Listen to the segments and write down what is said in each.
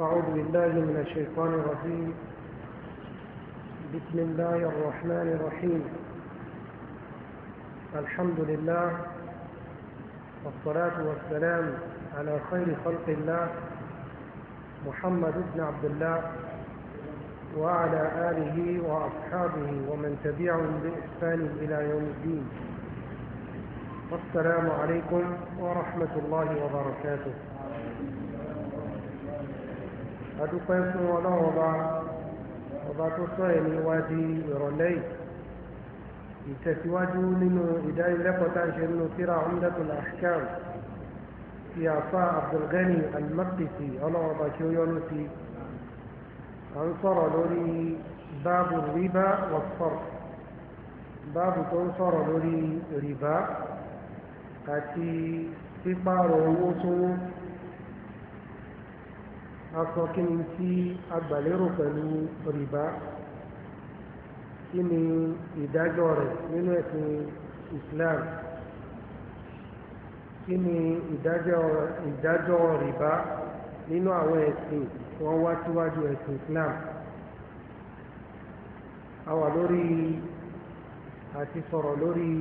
أعوذ بالله من الشيطان الرجيم بسم الله الرحمن الرحيم الحمد لله والصلاة والسلام على خير خلق الله محمد بن عبد الله وعلى آله وأصحابه ومن تبعهم بإحسان إلى يوم الدين والسلام عليكم ورحمة الله وبركاته adúpẹ́ fún ọlọ́run ọba ọba tó sọ ẹ̀ níwájú ìrọ̀lẹ́ yìí ìtẹ̀síwájú nínú ìdánilẹ́kọ̀ọ́ tá à ń ṣe nínú tírà Umdatul Ahkam ti àfa Abdulgani Al-Maqdisi ọlọ́run ọba tí ó yọ́nú sí à ń sọ̀rọ̀ lórí báàbù rìbá wọ̀sọ̀rọ̀ báàbù tó ń sọ̀rọ̀ lórí rìbá àti pípààrọ̀ owó sówó aṣọ kí ni tí agbàlérò pẹ̀lú rìbá kí ni ìdájọ́ rẹ̀ nínú ẹ̀sìn Islam kí ni ìdájọ́ rìbá nínú àwọn ẹ̀sìn wọ́n wá síwájú ẹ̀sìn Islam a wà lórí àti sọ̀rọ̀ lórí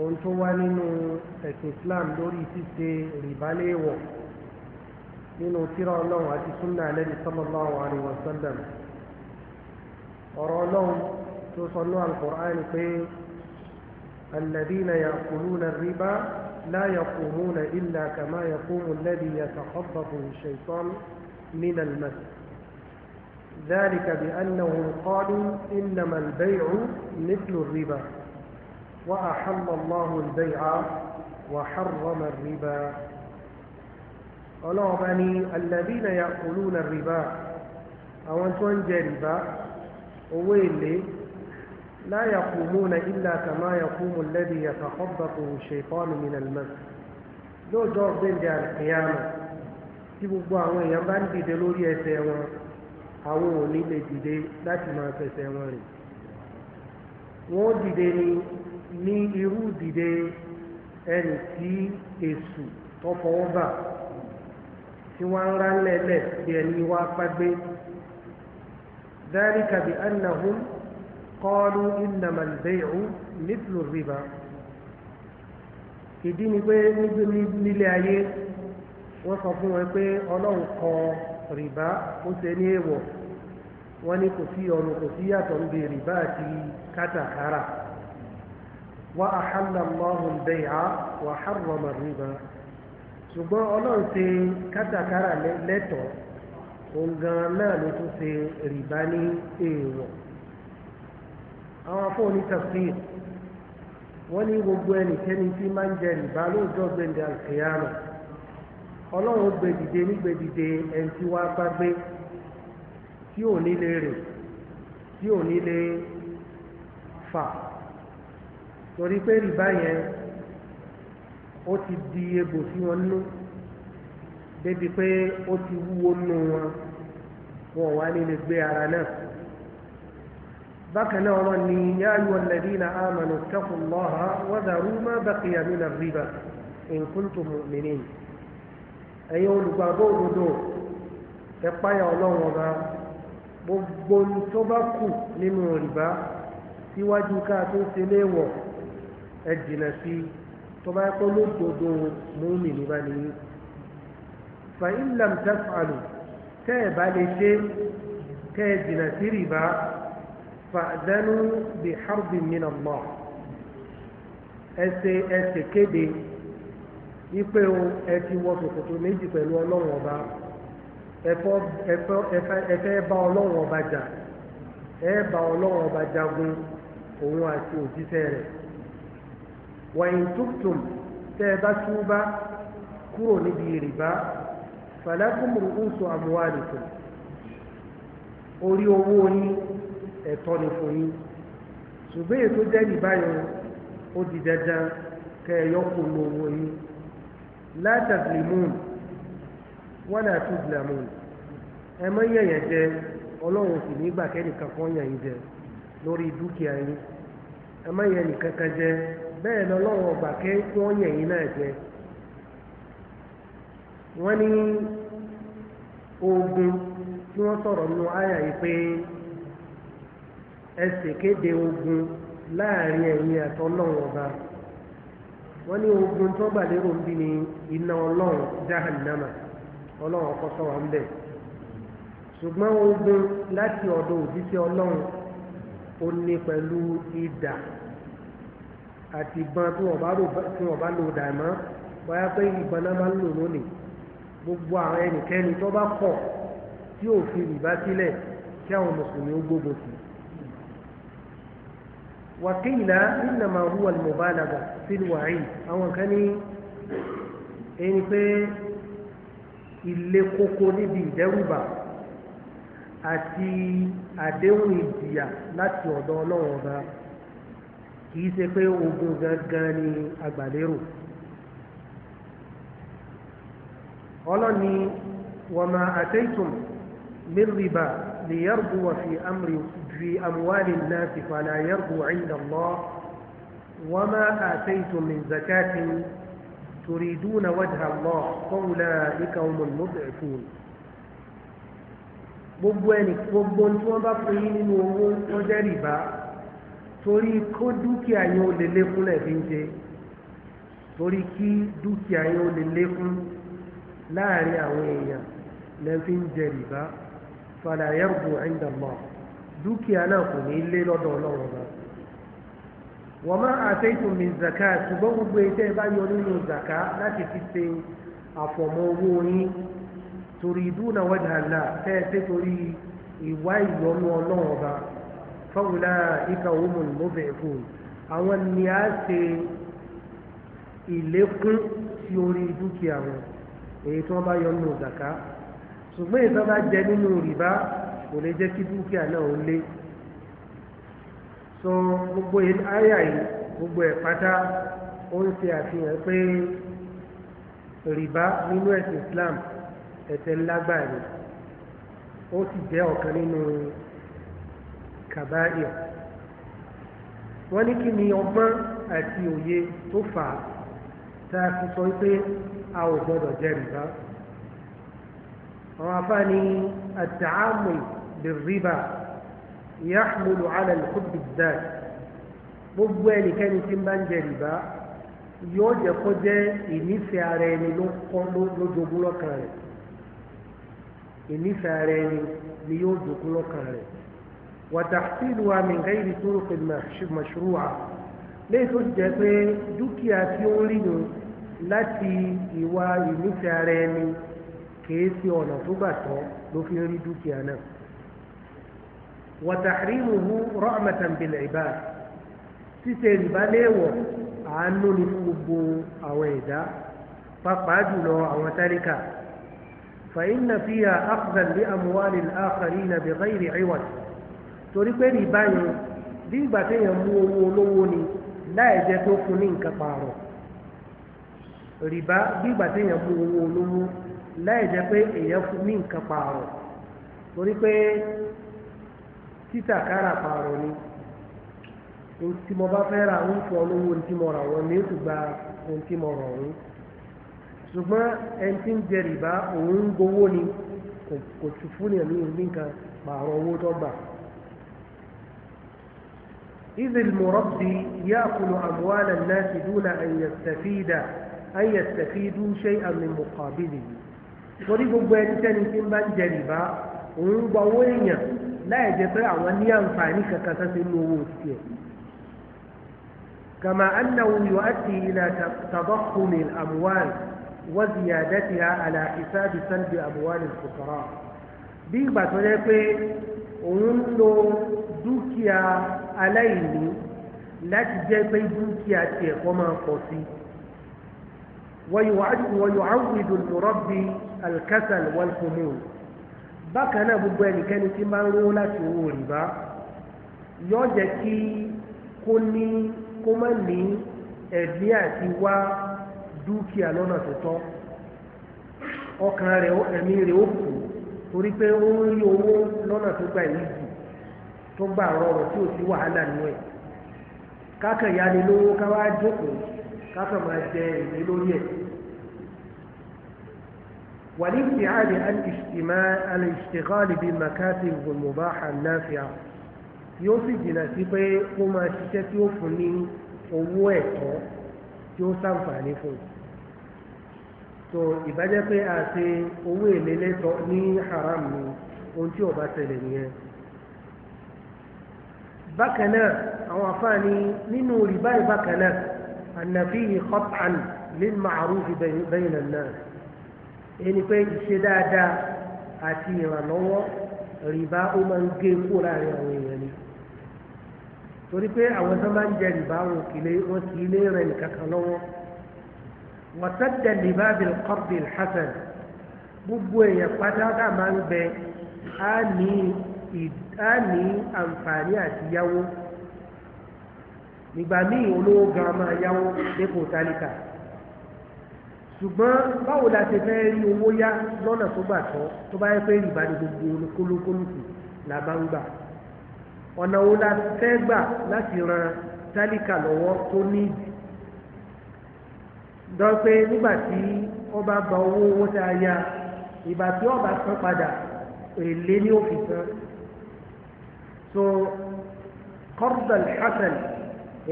ohun tó wá nínú ẹ̀sìn Islam lórí ṣíṣe rìbá léèwọ̀. من وتر الله عليه سنة الذي صلى الله عليه وسلم ورأى لهم تصنع القرآن في الذين يأكلون الربا لا يقومون إلا كما يقوم الذي يتخبط الشيطان من المس ذلك بأنه قال إنما البيع مثل الربا وأحل الله البيع وحرم الربا ọlọ́run bá ní alladhina ya'kuluna rìbá àwọn tó ń jẹ rìbá owó èlé la yaqumuna illa kama yaqumu alladhi yatakhabbatu shaytanu minal mas lóòjọ́ gbẹ̀ndẹ̀ àkìyàmà tí gbogbo àwọn èèyàn bá ń dìde lórí ẹsẹ̀ wọn àwọn ò ní lè dìde láti máa fẹsẹ̀ wọn rìn wọ́n dìde ni ní irú dìde ẹnì tí èṣù tó fọwọ́ bà tí wọ́n ń ránlẹ̀ lẹ̀ bí ẹni wá pàgbé ذلك بأنهم قالوا إنما البيع مثل الربا ìdí ni pé nílé ayé wọ́n sọ fún wọn pé ọlọ́run kọ rìbá ó ṣe ní èèwọ̀ wọ́n ní kò sí ọ̀run kò sí yàtọ̀ ń bè rìbá àti kátàkárà wa ahalla Allahu al-bay'a wa harrama ṣùgbọ́n ọlọ́run ṣe kátàkárà lẹ́tọ̀ọ́ òun gan náà ló tún ṣe rìbá ní èèwọ̀ àwọn afọ́ni tafsir wọ́n ní gbogbo ẹnikẹ́ni tí máa ń jẹ rìbá lóòjọ́ gbẹ̀ndẹ̀ àlùkìyàmù ọlọ́run gbèdìde ní gbèdìde ẹni tí wàá bá gbé tí ò ní lè rìn tí ò ní lè fà torí pé rìbá yẹn ó ti di egbò sí wọn nú débi pé ó ti wúwo nú wọn wọn wá nílé gbé ara náà bákan náà wọn ni yá ayọ alladhina amanu ittaqullaha wa dharu ma baqiya mina riba in kuntum mu'minin ẹ̀yin olùgbàgbọ́ òdodo ẹ páyà ọba gbogbo tó bá kù nínú rìbá síwájú ká tó ṣe léèwọ̀ ẹ jìnà sí i tó bá kọ́ lódodo mọ́mì ní bá ní fa in lam taf'alu tẹ́ ẹ̀ bá lè ṣe tẹ́ ẹ̀ jìnà sí rìbá fa'danu bi harbin min Allah ẹsẹ̀ ẹsẹ̀ kéde ipe o ẹ ti wọ ṣòkòtò méjì pẹ̀lú ọlọ́run ọba ẹfẹ́ bá ọlọ́run ọba jà ẹ bá ọlọ́run ọba jagun òun àti òjíṣẹ́ rẹ̀ wàyìn tuktum tẹ́ ẹ bá túbá kúrò níbi rìbá falakum ru'usu amwalikum orí owó yín ẹ̀tọ́ ni fún yín ṣùgbọ́n ètò jẹ́ ìbáyọ̀ ó di dandan kẹ́ ẹ yọkùn ní owó yín la tazlimun bẹ́ẹ̀ lọ lọ́wọ́ ọgbà kẹ́ kí wọ́n yẹ̀ yín náà wọ́n ní ogun tí wọ́n sọ̀rọ̀ nínú àyà yìí pé kéde ogun láàrin ẹ̀yin àtọ́ lọ́wọ́ ọba wọ́n ní ogun tó gbà lérò ń bí ni iná ọlọ́run jahannama ọlọ́run ọkọ ogun láti ọ̀dọ̀ òjíṣẹ́ ọlọ́run ó ní pẹ̀lú àti ìbọn tí wọ́n bá lò tí wọ́n bá lò dàmọ́ bóyá pé ìbọn náà bá ń lò lónìí gbogbo àwọn ẹnikẹ́ni tó bá kọ̀ tí ò fi rìbá sílẹ̀ kí àwọn mùsùlùmí ó gbógun sí. wàkìlá innama huwa al-mubalagha fil wa'id àwọn kan ní ẹni pé ilé kókó níbi ìdẹ́rùbà àti àdéhùn ìjìyà láti ọ̀dọ̀ ọlọ́run ọba kìí ṣe pé ogun gangan ni agbàlérò ọlọ́ni wàmà àtẹ́tùm mẹ́rìbà lè yàrgù wà fi amri fi amwali náà ti fàlà yàrgù inda Allah wàmà àtẹ́tùm min zakatin تريدون وجه الله فأولئك هم المضعفون gbogbo ẹni gbogbo tí wọn bá fún yín nínú owó wọn jẹ rìbá torí kó dúkìá yẹn ó lè lékún lẹ́ẹ̀fi ń ṣe torí kí dúkìá yẹn ó lè lékún láàrin àwọn èèyàn lẹ́ẹ̀fi ń jẹ rìbá fala yarbu inda dúkìá náà kò ní lé lọ́dọ̀ ọlọ́run wa ma ataytum min zaka ṣùgbọ́n gbogbo ẹ̀jẹ̀ bá yọ nínú zaka láti fi ṣe àfọ̀mọ́ owó yín torí tẹ́ ẹ ṣe torí فأولئك هم المضعفون àwọn ni a ṣe ìlékún sí orí dúkìá wọn èyí tí wọ́n bá yọ nínú zaka ṣùgbọ́n èyí tó bá jẹ nínú rìbá kò lè jẹ́ kí dúkìá náà ó lé so gbogbo àyà yìí gbogbo ẹ̀ pátá ó ń ṣe àfihàn pé rìbá nínú ẹ̀sìn Islam ẹ̀ṣẹ̀ ńlá gbáà ni ó sì jẹ́ ọ̀kan nínú kàbáyà wọ́n ní kí ni ọgbọ́n àti òye tó fà á tá a fi sọ pé a ò gbọ́dọ̀ jẹ rìbá àwọn afá ni àtàámù lè-rìbá yahmulu ala al gbogbo ẹnikẹ́ni tí ń bá ń jẹ rìbá yóò jẹ́ kó jẹ́ ìnífẹ̀ẹ́ ara ẹni ló kọ́ lójogún lọ́kàn rẹ̀ ìnífẹ̀ẹ́ ara ẹni ni yóò jogún lọ́kàn rẹ̀. وتحصيلها من غير طرق مشروعه لتجدي دكيا تيولين لاتي ايوا ايميتاريني كيسي اونا توباتو لوفيري دكيا وتحريمه رعمة بالعباد سيتين باليو عنو لفوبو اويدا فقادلو او تاركا فإن فيها أخذا لأموال الآخرين بغير عوض torí pé rìbá yẹn bí ìgbà téèyàn mú owó olówó ni láì jẹ́ tó fún ní nǹkan pààrọ̀ rìbá bí ìgbà téèyàn mú owó olówó láì jẹ́ pé èèyàn fún ní nǹkan pààrọ̀ torí pé títà kára pààrọ̀ ni ohun tí mo bá fẹ́ ra ń fọ olówó ohun tí mo rà wọ́n ní oṣù gba ohun tí mo rọ̀ ọ̀hún ṣùgbọ́n ẹni tí ń jẹ rìbá òun ń gbowó ni kò tún fún ní nǹkan pààrọ̀ owó tó gbà. إذ المربي يأكل أموال الناس دون أن يستفيد أن يستفيدوا شيئا من مقابله وليس بوين تاني في من جريبا ومبوين لا يجري عن ينفعني كثث النووس كما أنه يؤدي إلى تضخم الأموال وزيادتها على حساب سلب أموال الفقراء بيبا تنفي ونلو دوكيا aláìní láti jẹ́ pé dúkìá ti ẹ̀kọ́ máa pọ̀ sí wọ́yọ̀wọ́dù mùrọ́bì alkasal wal-khumul bákan náà gbogbo ẹnikẹ́ni tí máa ń rówó láti owó rìbá yóò jẹ́ kí kó ní kó má ní ẹ̀mí àti wá dúkìá lọ́nà tó tọ́ ọkàn rẹ̀ ẹ̀mí rẹ̀ ó kù torí pé ó ń rí owó lọ́nà tó gbà yìí tó gbà rọrùn tí ò sí wàhálà nínú ẹ̀ kákan ìyáni lówó ká wá jókòó kákan máa jẹ èdè lórí ẹ̀. والابتعاد عن اجتماع الاشتغال بالمكاسب المباحة النافعة yóò sì jìnnà sí pé ó máa ṣiṣẹ́ tí ó fún ní owó ẹ̀tọ́ tí ó ṣàǹfààní fún un so ìbájẹ́ pé àti owó èlé lẹ́tọ́ ní haram ni ohun tí ó tẹ̀lé nìyẹn bákan náà àwọn afáàní nínú rìbá yìí bákan náà ànàfi ìkọ́tàn lil ma'ruf bayna an-nas ẹni pé ìṣe dáadáa àti ìrànlọ́wọ́ rìbá ó máa ń gé kó láàrin àwọn èèyàn ni torí pé àwọn tó máa ń jẹ rìbá wọn kì í lé rẹ̀ nìkan kan lọ́wọ́ wàtẹ́tẹ̀ rìbá bil qardi hasan gbogbo èèyàn pátá ká máa ń bẹ á ní á ní àǹfààní àti yáwó nígbà míì olówó gan máa yáwó dépò tálíkà ṣùgbọ́n báwo la ṣe fẹ́ rí owó yá lọ́nà tó gbà tọ́ tó bá yẹ pé rìbá ni gbogbo olúkúlùkù la bá ń gbà ọ̀nà wo la fẹ́ gbà láti ran tálíkà lọ́wọ́ tó ní ìdí dọ́ pé nígbà tí ọba gba owó owó tá a ya ìgbà tí san padà èlé ni ó so kọ́rbẹ̀l hasan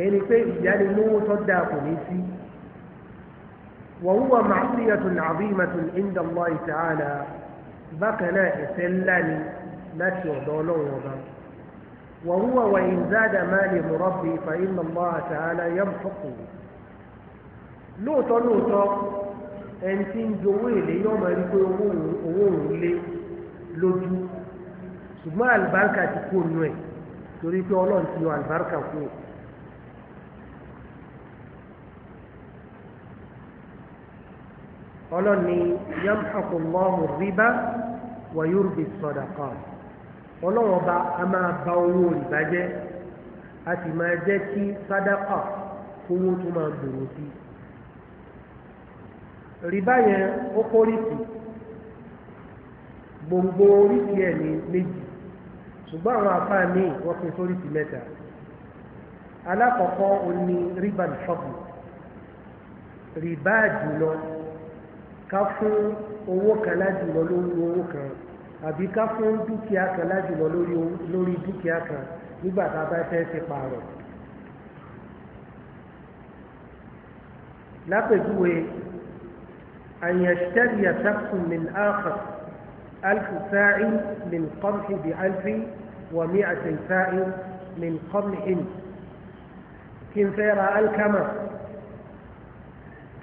èyí ni pé ìyánilówó tó dáa ní sí وهو معصية عظيمة عند الله تعالى بكنا إسلاني نشي ودولو وهو وإن زاد مال مربي فإن الله تعالى يمحقه lóòótọ́ lóòótọ́ ẹni tí ń jowó èlé yọ́ máa rí pé owó òun lé lójú ṣùgbọ́n àlùbáríkà ti kú ònú ẹ̀ torí pé ọlọ́run ti yọ àlùbáríkà kú o. ọlọ́run ni yamhaqu Allahu riba wa yurbi sadaqat ọlọ́run ọba a máa ba owó rìbá a sì máa jẹ́ kí sádàkà kówó tó máa gbòòrò sí i rìbá yẹn ó kórìsì gbòǹgbò oríṣi ẹ̀ ní méjì ṣùgbọ́n àwọn afáà ní wọ́n fi sórí sí mẹ́ta alákọ̀ọ́kọ́ ó ní rìbá ṣọ́ọ̀bù rìbá jùlọ ká fún owó kan lájùlọ lórí owó kan àbí ká fún dúkìá kan lájùlọ lórí dúkìá kan nígbà tá a bá fẹ́ ṣe pààrọ̀. lápèjúwe àyẹ̀ṣẹ́lì àṣàkùn min áàkà alfu sáà min kọ́ńtì bí alfi. ومئة ساء من قمح كن فيرى الكما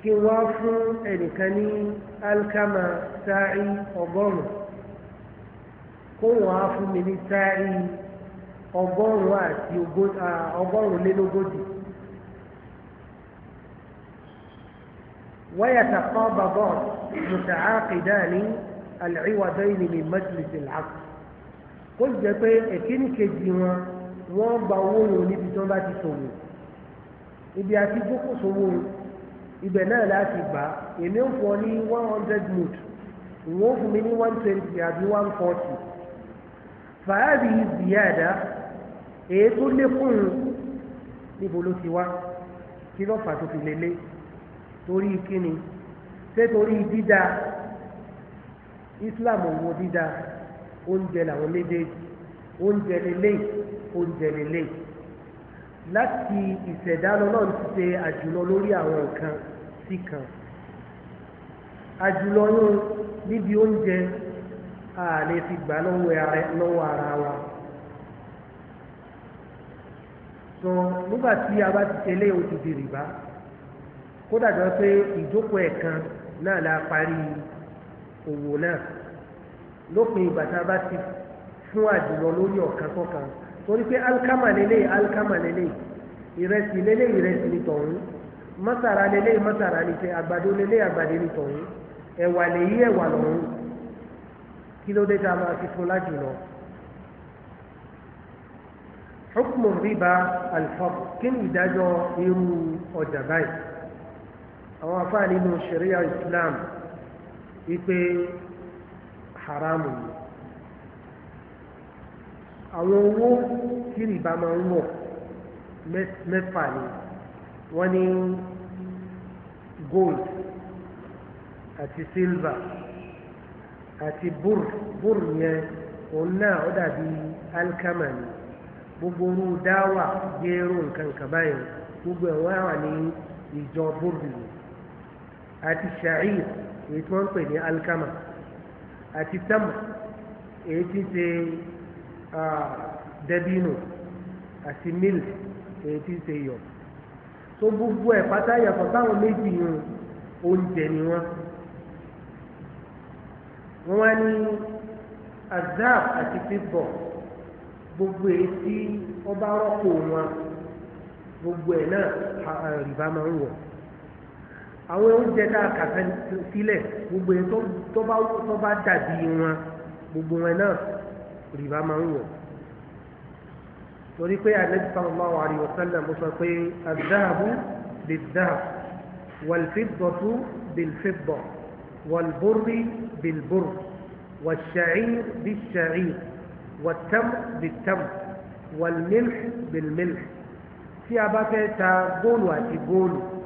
كن واف أن كني الكما ساء أظن كن واف من ساء أظن وأتي أظن لنقدي ويتقابضان متعاقدان العوضين من مجلس العقد kó sì jẹ́ pé èkíní kejì wọn wọ́n gba owó yòó níbi tí wọ́n bá ti ṣòwò ibi àti jókòó ṣòwò ibẹ̀ náà láti gbà èmi ń fọ ní one hundred mood ìwọ́n fún mi ní one twenty àbí one forty fàáàbì ìzìyàdá èyí tó lékún níbo ló ti wá kí ló fà tó fi lélẹ̀ torí kíni ṣé torí dídá Islam ò wo dídá oúnjẹ làwọn méjèèjì oúnjẹ lélẹ̀ oúnjẹ lélẹ̀ láti ìṣẹ̀dálọ náà ti ṣe àjùlọ lórí àwọn nǹkan sí kan àjùlọ yóò níbi oúnjẹ a lè fi gbà lọ́wọ́ ara wa so nígbà tí a bá ti tẹ́lẹ̀ o ti di rìbá kódà jọ pé ìjókòó ẹ̀kan náà la parí òwò náà lópin ìgbà tá a bá ti fún àjùlọ lórí ọ̀kan sọ́kan torí pé alkama lélẹ̀ alkama lélẹ̀ ìrẹsì lélẹ̀ ìrẹsì ni tọ̀hún mọ́tàrà lélẹ̀ mọ́tàrà ni tẹ àgbàdo lélẹ̀ àgbàdo ni tọ̀hún ẹ̀wà lèyí ẹ̀wà lọ́hún kí ló dé tá a máa ti fún lájùlọ. hukmu riba alfaq kí ni ìdájọ́ irú ọjà báyìí àwọn afáà nínú sharia islam wípé haramu ni àwọn owó tí rìbá máa ń wọ̀ mẹ́fà ni wọ́n ní gold àti silver àti bur bur yẹn òun náà ó dàbí alkama ni gbogbo orú dáwà gẹ́rù nǹkan kan báyìí gbogbo ẹ̀wọ̀n àwà ní ìjọ bur ni àti sha'ir èyí tí wọ́n ń pè ní alkama àti tẹ́mù èyí tí ń ṣe dẹ́bínù àti mílì èyí tí ń ṣe yọ̀ tó gbogbo ẹ̀ pátá yàtọ̀ táwọn méjì yìí oúnjẹ ni wọ́n wọ́n wá ní azab àti fífọ̀ gbogbo èyí tí ọba rọ́pò wọn gbogbo ẹ̀ náà rìbá máa ń wọ̀ àwọn oúnjẹ tá a kà sílẹ̀ gbogbo yẹn tó bá dàbí wọn gbogbo wọn náà rìbá máa ń wọ̀ torí pé anabi sallallahu alayhi wa sallam mo sọ pé azahabu bizahab walfiddatu bilfidda walburri bilburr والشعير بالشعير والتمر بالتمر والملح بالملح tí a bá fẹ́ ta góòlù àti góòlù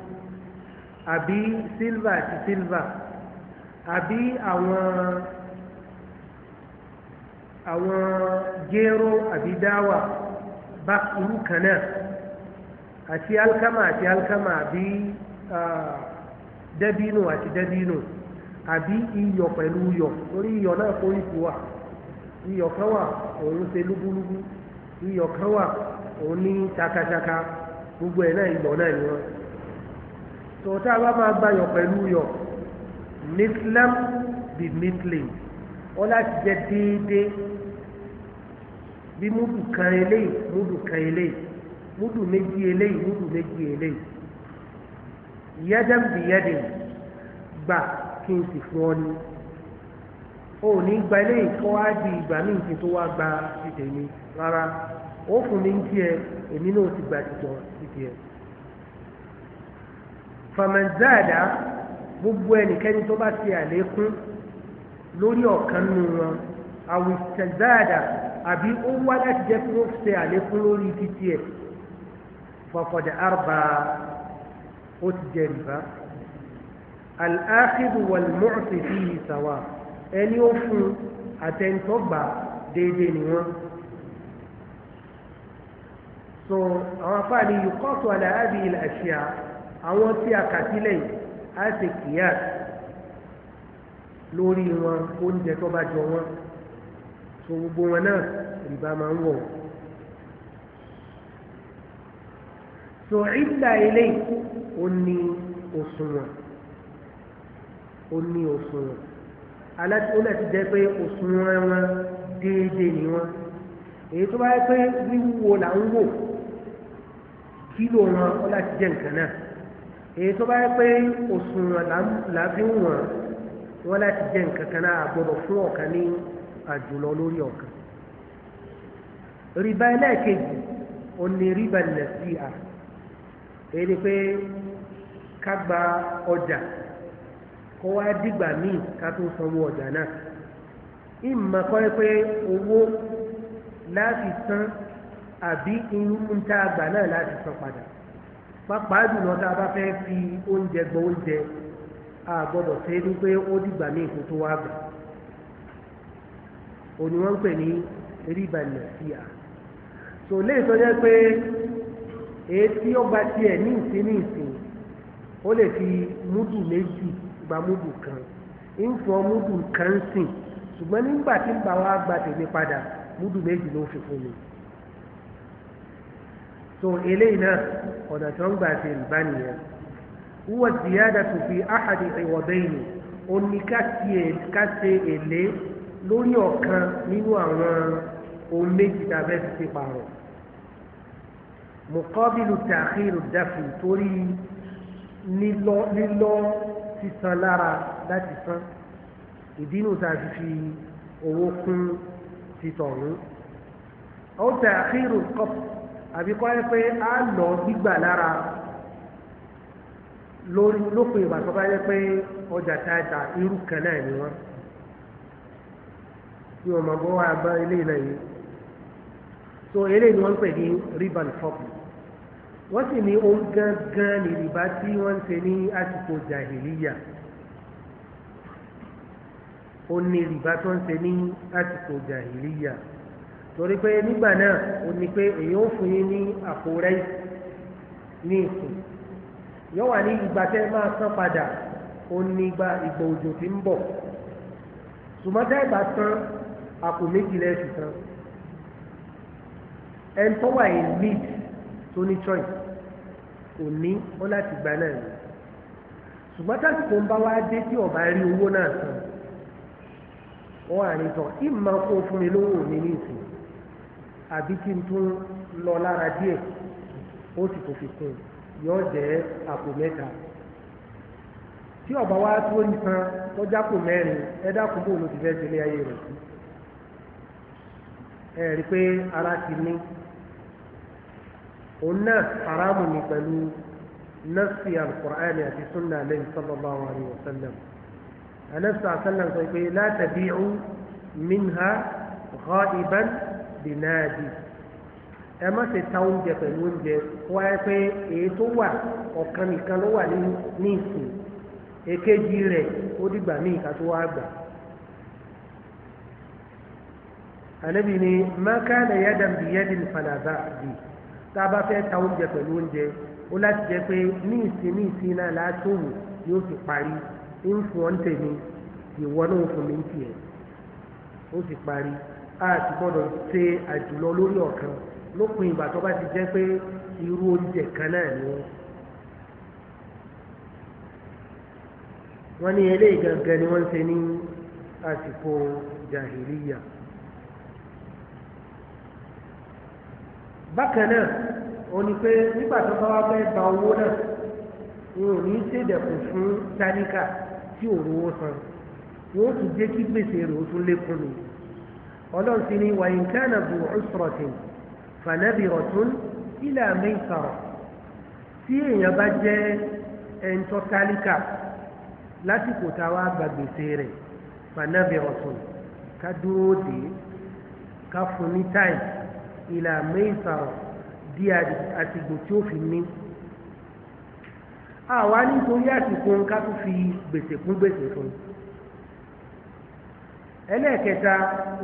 àbí Silva, àti silver àbí àwọn àwọn jéró àbí dáwà bá irú kan náà àti alkama àti alkama àbí dẹ́bínú àti dẹ́bínú àbí iyọ̀ pẹ̀lú iyọ̀ lórí iyọ̀ náà kó ipò wà iyọ̀ kan wà òun ṣe lúbúlúbú iyọ̀ kan wà òun ní takataka gbogbo ẹ̀ náà iyọ̀ náà ni wọ́n tó tá a bá máa gbayọ̀ pẹ̀lú yọ̀ mislam bi mislim ó láti jẹ́ déédéé bí múdù kan eléyìí múdù kan eléyìí múdù méjì eléyìí múdù méjì eléyìí yẹ́dẹ́m bí yẹ́dẹ́ gbà kí n sì fún ọ ní o ní gba eléyìí kó wá di ìgbà míì kí tó wá gba títẹ̀ mi rárá ó fún mi ń tiẹ̀ èmi náà ti gba títọ̀ títẹ̀ fàmẹ́nzáàdá gbogbo ẹnikẹ́ni tó bá ṣe àlékún lórí ọ̀kan nù wọn àwìtẹ̀záàdá àbí ó wá láti jẹ́ kí wọ́n ṣe àlékún lórí títí ẹ̀ fọ̀fọ̀dà àrùbá ó ti jẹ rìbá al-akhidhu wal-mu'ti fihi ẹni ó fún àtẹnitọ́gbà déédéé ni wọ́n so àwọn afáàní yìí kọ́ọ̀tù àlàábì ilẹ̀ àṣìá àwọn tí a kà sílẹ̀ yìí á ṣe kìíyàs lórí wọn oúnjẹ tó bá jọ wọn so gbogbo wọn náà rìbá máa ń wọ̀ so ìdá eléyìí ó ní òṣùwọ̀n ó ní òṣùwọ̀n alátìwọ́lẹ̀ ti jẹ́ pé òṣùwọ̀n wọn déédéé ni wọn èyí tó bá yẹ pé wíwúwo là ń wò kílò wọn ó láti jẹ́ nǹkan náà èyí tó bá yẹ pé òṣùwọ̀n làbí wọ̀n wọn láti jẹ́ nǹkan kan náà àgbọ̀dọ̀ fún ọ̀kan ní àjùlọ lórí ọ̀kan rìbá ẹlẹ́ẹ̀kejì ó ní rìbá nàṣíà èyí ni pé ká gba ọjà kó wá dìgbà míì ká tó sanwó ọjà náà ìmọ̀ kọ́ ẹ pé owó láti san àbí irú ń tá a gbà náà láti san padà pàápàá jùlọ tá a bá fẹ́ fi oúnjẹ gbọ oúnjẹ a gbọ́dọ̀ ṣe é ní pé ó dìgbà ní ìkó tó wá gbà òní wọ́n ń pè ní ríbà nàìjíríà tò lè sọ jẹ́ pé èyí tí ó gba tiẹ̀ ní ìsín ní ìsín ó lè fi múdù méjì gba múdù kan ń fọ múdù kan sìn ṣùgbọ́n nígbà tí ń bá wa gba tèmi padà múdù méjì ló fi fún mi so eléyìí náà ọ̀nà tó ń gbà ṣe rìbá nìyẹn wúwo ziyada tó fi áhàdì ìwọ̀bẹ́yìn ó ní ká ṣe èlé lórí ọ̀kan nínú àwọn ohun méjì tá a fẹ́ fi ṣe pààrọ̀ mùkọ́bìlù tàkìrù dàfì torí lílọ sísan lára láti san ìdínú tá a fi fi owó kún títọ̀rún. ó tàkìrù kọ́pù àbí kọ́ ẹ pé á lọ gbígbà lára lórí lópin ìgbà tó bá yẹ pé ọjà táyà irú kan náà ni wọ́n bí wọ́n mọ̀ bọ́ wá bá eléyìí náà yìí so eléyìí ni wọ́n pè ní riba fọ́ọ̀mù wọ́n sì ní ohun gangan ní tí wọ́n ń ṣe ní àsìkò jàhìlíyà ó ní tó ń ṣe ní àsìkò jàhìlíyà. torí pé nígbà náà ó ní pé èyí ò fún yín ní àpò rẹ ní ìsìn yóò wà ní ìgbà tẹ́ máa san padà ó ní ìgbà ìgbà òjò tí ń bọ̀ sùmọ́tẹ́ ìgbà san àpò méjì lẹ́ sì san ẹni tó wà yìí lead tó ní choice kò ní ó láti gbà náà ni ṣùgbọ́n tásìkò ń bá wá dé tí ọba rí owó náà san wọ́n á ní tán ìmọ̀ kó fún mi lówó mi ní ìsìn àbí kí n tún lọ lára díẹ̀ ó sì tó fi kún yóò jẹ́ àpò mẹ́ta tí ọba wa tó ní san tó jápò mẹ́rin ẹ dákun bò ló ti fẹ́ sílé ayé rẹ̀ sí ẹ rí pé ara ti ní òun náà haramu ni pẹ̀lú nọ́ọ̀sì alukur'an àti sunna aleyhi sallallahu alayhi wa sallam anasa sallam sọ pé la tabi'u minha ghaiban bìnnáàdì ẹ má ṣe ta oúnjẹ pẹ̀lú oúnjẹ wá ẹ pé èyí tó wà ọ̀kan nìkan ló wà ní ìsìn èkejì rẹ̀ ó dìgbà míì ká tó wá gbà. ànábì ni mákàlẹ̀ yẹ́dàn bí yẹ́dìn fàlàbà bì tá a bá fẹ́ ta oúnjẹ pẹ̀lú oúnjẹ ó láti jẹ́ pé ní ìsìn ní ìsìn náà látòwò yóò fi parí ń fún ọ́n tèmi ìwọ fún mi ń tiẹ̀ ó sì parí a ti gbọ́dọ̀ ṣe àjùlọ lórí ọ̀kan lópin ìgbà tó bá ti jẹ́ pé irú oúnjẹ kan náà ni wọ́n. wọ́n ní eléyìí gangan ni wọ́n ń ṣe ní àsìkò jahiliya. bákan náà ó ní pé nígbà tó bá wá fẹ́ gba owó náà wọn ò ní ṣèdẹ̀kùn fún táníkà tí òru ó san wọn ó tún jẹ́ kí gbèsè rẹ̀ ó tún lékún nìyí ọlọ́run sì ni wàyín kánà bù ọ̀sọ̀rọ̀tìn fànàbì ọ̀tún ilà mẹ́sàrọ̀ tí èèyàn bá jẹ́ ẹ̀ńtọ́ tálíkà lásìkò táwa gba gbèsè rẹ̀ fànàbì ọ̀tún ká dúró dé ká fún ní táì ilà mẹ́sàrọ̀ di àtìgbò tí ó fi ní àwa nítorí àsìkò ká tún fi gbèsè kún gbèsè fún un ẹlẹ́ẹ̀kẹta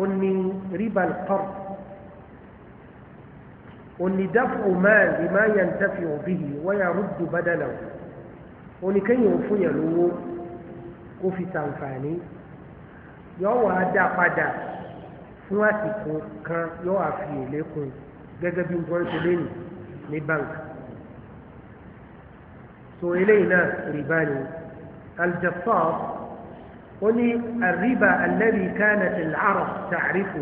oní ribal qard oní dáfò máa lè máa yàn dáfì òbí yìí wáyà rúdù bádàlà oníkẹ́yìn òfin yàn lówó kó fi ṣàǹfààní yọ wàá dá padà fún àsìkò kan yọ wàá fi èlé gẹ́gẹ́ bí nǹkan ṣe lé ní báńkì so eléyìí náà rìbá ni aljassar ó ní àríbà alẹ́bí kánàtì arab tààrífù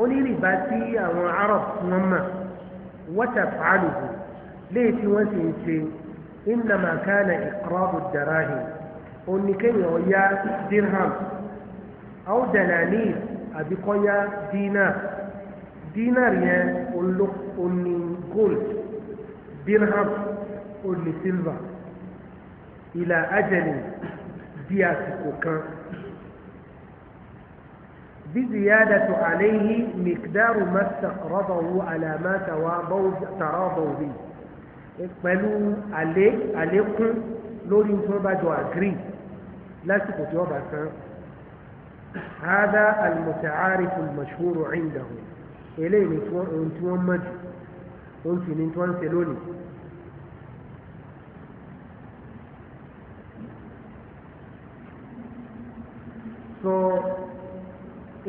ó ní rìbá tí àwọn arab wọn mà wọ́tà fàálùkù léè tí wọ́n sì ń ṣe ìnàmà kánà ìkọ́rọ́bù dàráhìn ó ní kéèyàn ọ̀yá dirham àwọn àbíkọ́yá dínà dínà yẹn oní gold dirham oní silver ìlà ajẹ́lẹ̀ di àsìkò kan بزيادة عليه مقدار ما استقرضه على ما تراضوا به pẹ̀lú àlékún lórí tí wọ́n bá jọ àgírí lásìkò tí wọ́n bá san hada almutaarifu almashhuru indahu eléyìí ni tí wọ́n mọ̀ jù ohun sì ni tí wọ́n ń ṣe lónìí so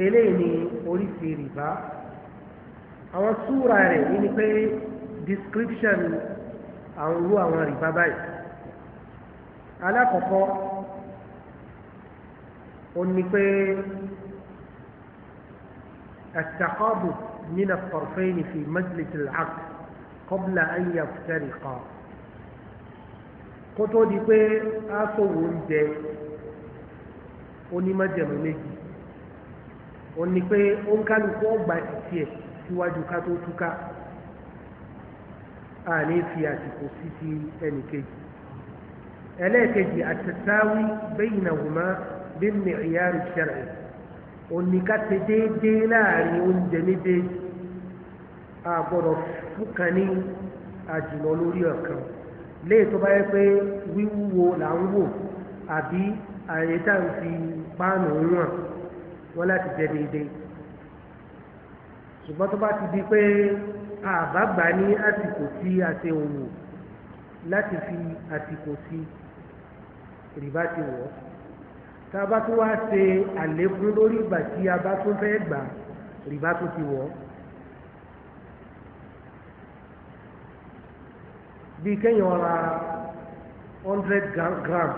eléyìí ni oríṣi rìbá àwọn súra rẹ̀ ní pé description àwọn irú àwọn rìbá báyìí alákọ̀ọ́kọ́ ó ní pé التقابض من الطرفين في مجلس العقد قبل أن يفترقا kó tó di pé aṣòwò ń jẹ onímọ̀jẹ̀mú méjì ó ní pé ó ń kálukú ọgbà títí ẹ̀ síwájú ká tó túká a ní fi àsìkò sí ti ẹnì kejì ẹlẹ́ẹ̀kejì àtẹ̀sáwí baynahuma bil mi'yar shar'i ó ní ká ṣe déédéé láàrin oúnjẹ méjèèjì a gbọ́dọ̀ fúkan ní àjùlọ lórí ọ̀kan léè tó pé wíwúwo là ń wò àbí àyè tá à ń fi páànù wọn wọn láti jẹ déédéé ṣùgbọ́n tó bá ti di pé àbágbà ní àsìkò tí a ṣe òwò láti fi àsìkò sí rìbá ti wọ̀ tá a bá tún wá ṣe àlékún lórí ìgbà tí a bá tún fẹ́ gbà rìbá tún ti wọ̀ bí kéèyàn ra hundred gram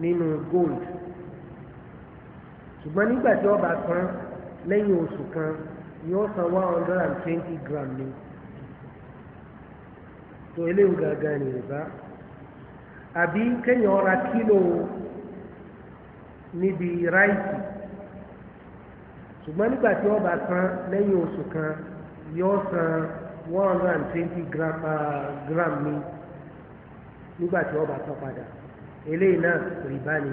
nínú gold ṣùgbọ́n nígbà tí ọba kan lẹ́yìn oṣù kan yóò san one hundred and twenty gram ni tó eléwu gangan ní ìbá àbí kéèyàn ọra kílò níbi ráìsì ṣùgbọ́n nígbà tí ọba kan lẹ́yìn oṣù kan yóò san one hundred and twenty gram ah, gram ni nígbà tí ọba kan padà eléyìí náà rìbá ni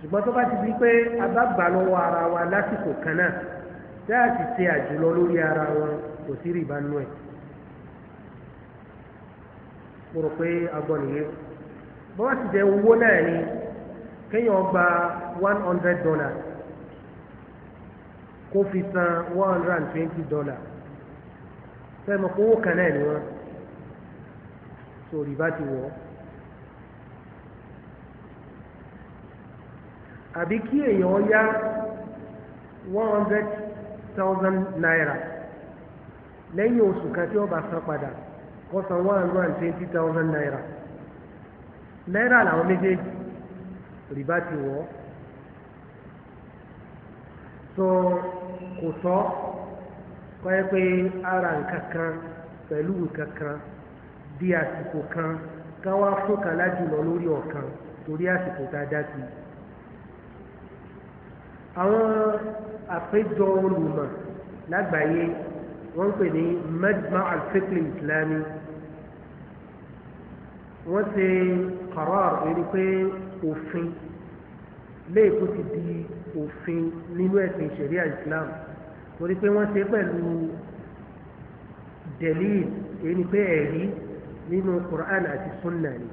ṣùgbọ́n tó bá ti di pé abágbà lọ́wọ́ ara wa lásìkò kan náà dáa ti ṣe àjùlọ lórí ara wọn kò sí rìbá nú ẹ̀ mo rò pé agbọ́ nìyẹn bọ́wọ́ sì jẹ́ owó náà ni kéèyàn gba one hundred dollar. kó fi san one hundred and twenty dollar. fẹ́ẹ́ mọ̀ pé owó kan náà ni wọ́n so rìbá ti wọ̀ ọ́. àbí kí èèyàn yá one hundred thousand naira lẹ́yìn oṣù kan tí ó bá san padà kó san one hundred and twenty thousand naira náírà làwọn méjèèjì rìbá ti wọ̀ ọ́ so kò tọ́ kọ́ ẹ pé ara nǹkan kan pẹ̀lú nǹkan kan di àsìkò kan ká fún kan lájùlọ lórí ọ̀kan torí àsìkò tá a dá sí i àwọn àpéjọ olùmọ̀ lágbàáyé wọ́n pè ní majma al-fiqh al-islami wọ́n ṣe qarar ẹni pé òfin léèkó ti di òfin nínú ẹ̀sìn ìṣẹ̀ríà islam torí pé wọ́n ṣe pẹ̀lú dẹ̀lí ẹni pé ẹ̀rí nínú Qur'an àti sunna ni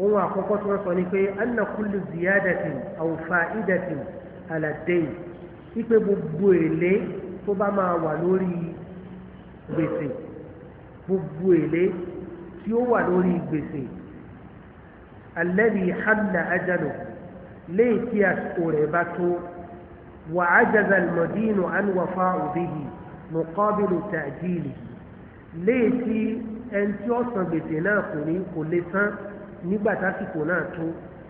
ohun àkọ́kọ́ tí wọ́n sọ ni pé anna kullu ziyadatin aw fa'idatin ala dayn ipe gbogbo èlé tó bá máa wà lórí gbèsè gbogbo èlé tí ó wà lórí gbèsè alladhi halla ajalu léè tí àsìkò rẹ̀ bá tó wa ajaza almadinu an wafa'u bihi muqabilu ta'jilihi léè tí ẹni tí ó san gbèsè náà kò ní kò lè san nígbà tásìkò náà tó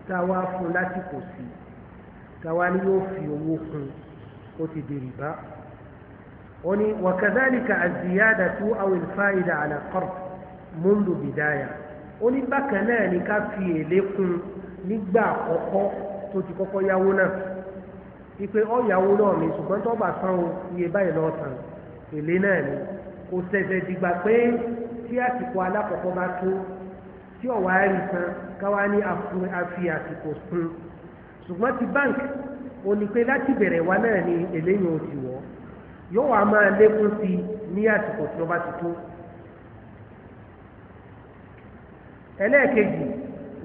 táwa fún lásìkò sí táwa ni yóò fi owó kún ó ti di rìbá ó ní wàkàdánìkà àzìyáda tó àwọn ìfáìdà àlàkọ́r múndù bìdáyà ó ní bákan náà ni ká fi èlé kún nígbà àkọ́kọ́ tó ti kọ́kọ́ yáwó náà ipe ọ̀yàwó náà mi ṣùgbọ́n tó bá san o iye báyìí lọ́ọ́ san èlé náà ni kò ṣẹ̀ṣẹ̀ dìgbà pé tí àsìkò alákọ̀ọ́kọ́ bá tó tí ọ̀wá rí san káwá ní àfi àsìkò fún ṣùgbọ́n ti bank ó ní pé láti bẹ̀rẹ̀ wa náà ni eléyìí ò ti wọ̀ yóò wá máa lékún sí ní àsìkò tí wọ́n bá ti tó. ẹlẹ́ẹ̀kejì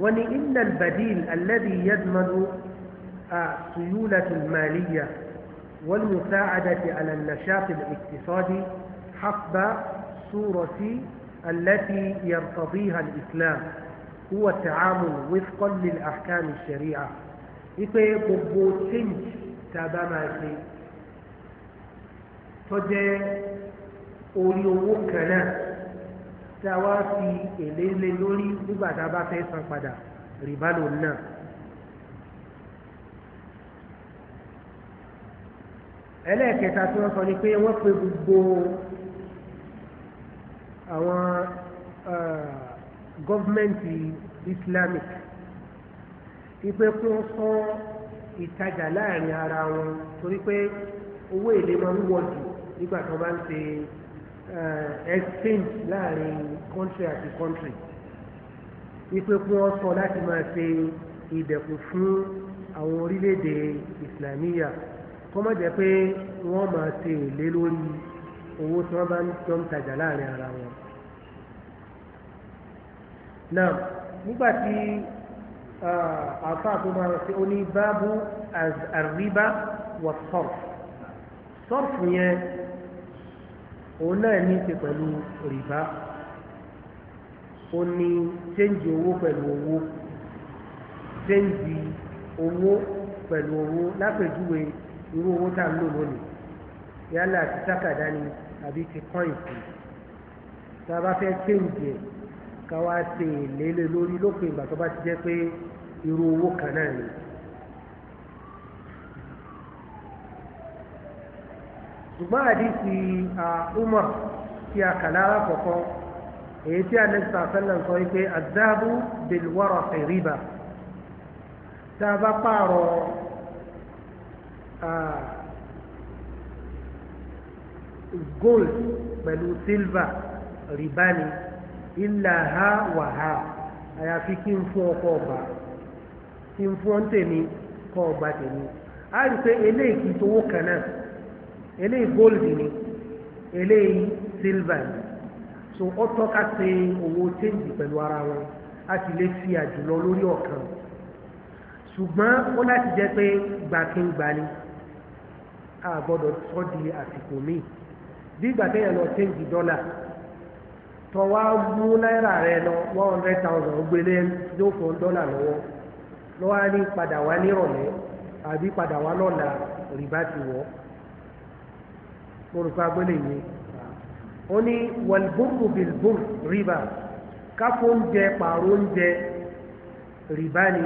wọ́n ní innal badil alladhi yadmanu السيولة المالية والمساعدة على النشاط الاقتصادي حسب صورة التي يرتضيها الإسلام هو التعامل وفقا للأحكام الشريعة إذا gbogbo change tàbá máa ṣe tó jẹ́ orí owó kan náà tá a wá fi èlé lé lórí nígbà tá a bá fẹ́ san padà rìbá náà. ẹlẹ́ẹ̀kẹta tí wọ́n sọ ni pé wọ́n pe gbogbo àwọn uh, gọ́fìmẹ̀ntì islamic ipe kí wọ́n sọ ìtajà láàrin ara wọn torí pé owó èlé máa ń wọ̀ jù nígbà tó bá ń ṣe uh, exchange láàrin country àti country ipe kí wọ́n sọ láti máa ṣe ìdẹ̀kùn fún àwọn orílẹ̀-èdè islamiyà kọ́mọ̀jẹ́ pé wọ́n máa ṣe èlé lórí owó tí wọ́n bá ń jọ ń tajà láàrin ara wọn. náà nígbà tí àfa tó máa rọ̀ sí ó ní báàbù àríbá wà sọ́ọ̀f sọ́ọ̀f yẹn òun náà ní ṣe pẹ̀lú rìbá ó ní ṣéǹjì owó pẹ̀lú owó ṣéǹjì owó pẹ̀lú owó lápèjúwe irú owó tá à ń lò lónìí yálà títàkàdá ni àbí ti coin fún tá a bá fẹ́ kéwìjẹ ká wá ṣe ìlélẹ lórí lópin ìgbà tó bá ti jẹ́ pé irú owó kan náà ni. ṣùgbọ́n àdìsí Umar tí a kà lára kọ̀ọ̀kan èyí tí anabi sàfẹ́lẹ̀ sọ wípé adáàbò bèlúwọ̀rọ̀ fẹ̀ríbà tá a bá pààrọ̀ gold pẹ̀lú silver rìbá ni ilà ha wà ha àyàfi kí n fún ọkọ ọba kí n fún ọ tèmi kọ ọba tèmi a rí pé eléyìí kì í tówó kan náà eléyìí gold ni eléyìí silver ni so ó tọ́ka sí owó téèjì pẹ̀lú ara wọn a sì lè fi àjùlọ lórí ọ̀kan ṣùgbọ́n ó láti jẹ́ pé gbàkíngbà ni a gbọ́dọ̀ sọ́ di àsìkò míì bí ìgbà tẹ́yẹ̀ lọ change dọ́là tọ́ wá mú náírà rẹ lọ one hundred thousand gbélé yóò fún dọ́là lọ́wọ́ lọ́wọ́ á ní padà wá nírọ̀lẹ́ àbí padà wá lọ́la rìbá ti wọ̀ olùkọ́ agbélé yìí ó ní wàlbùkù bìlbùkù rìbá káfó ń jẹ pààrọ̀ ń jẹ rìbá ni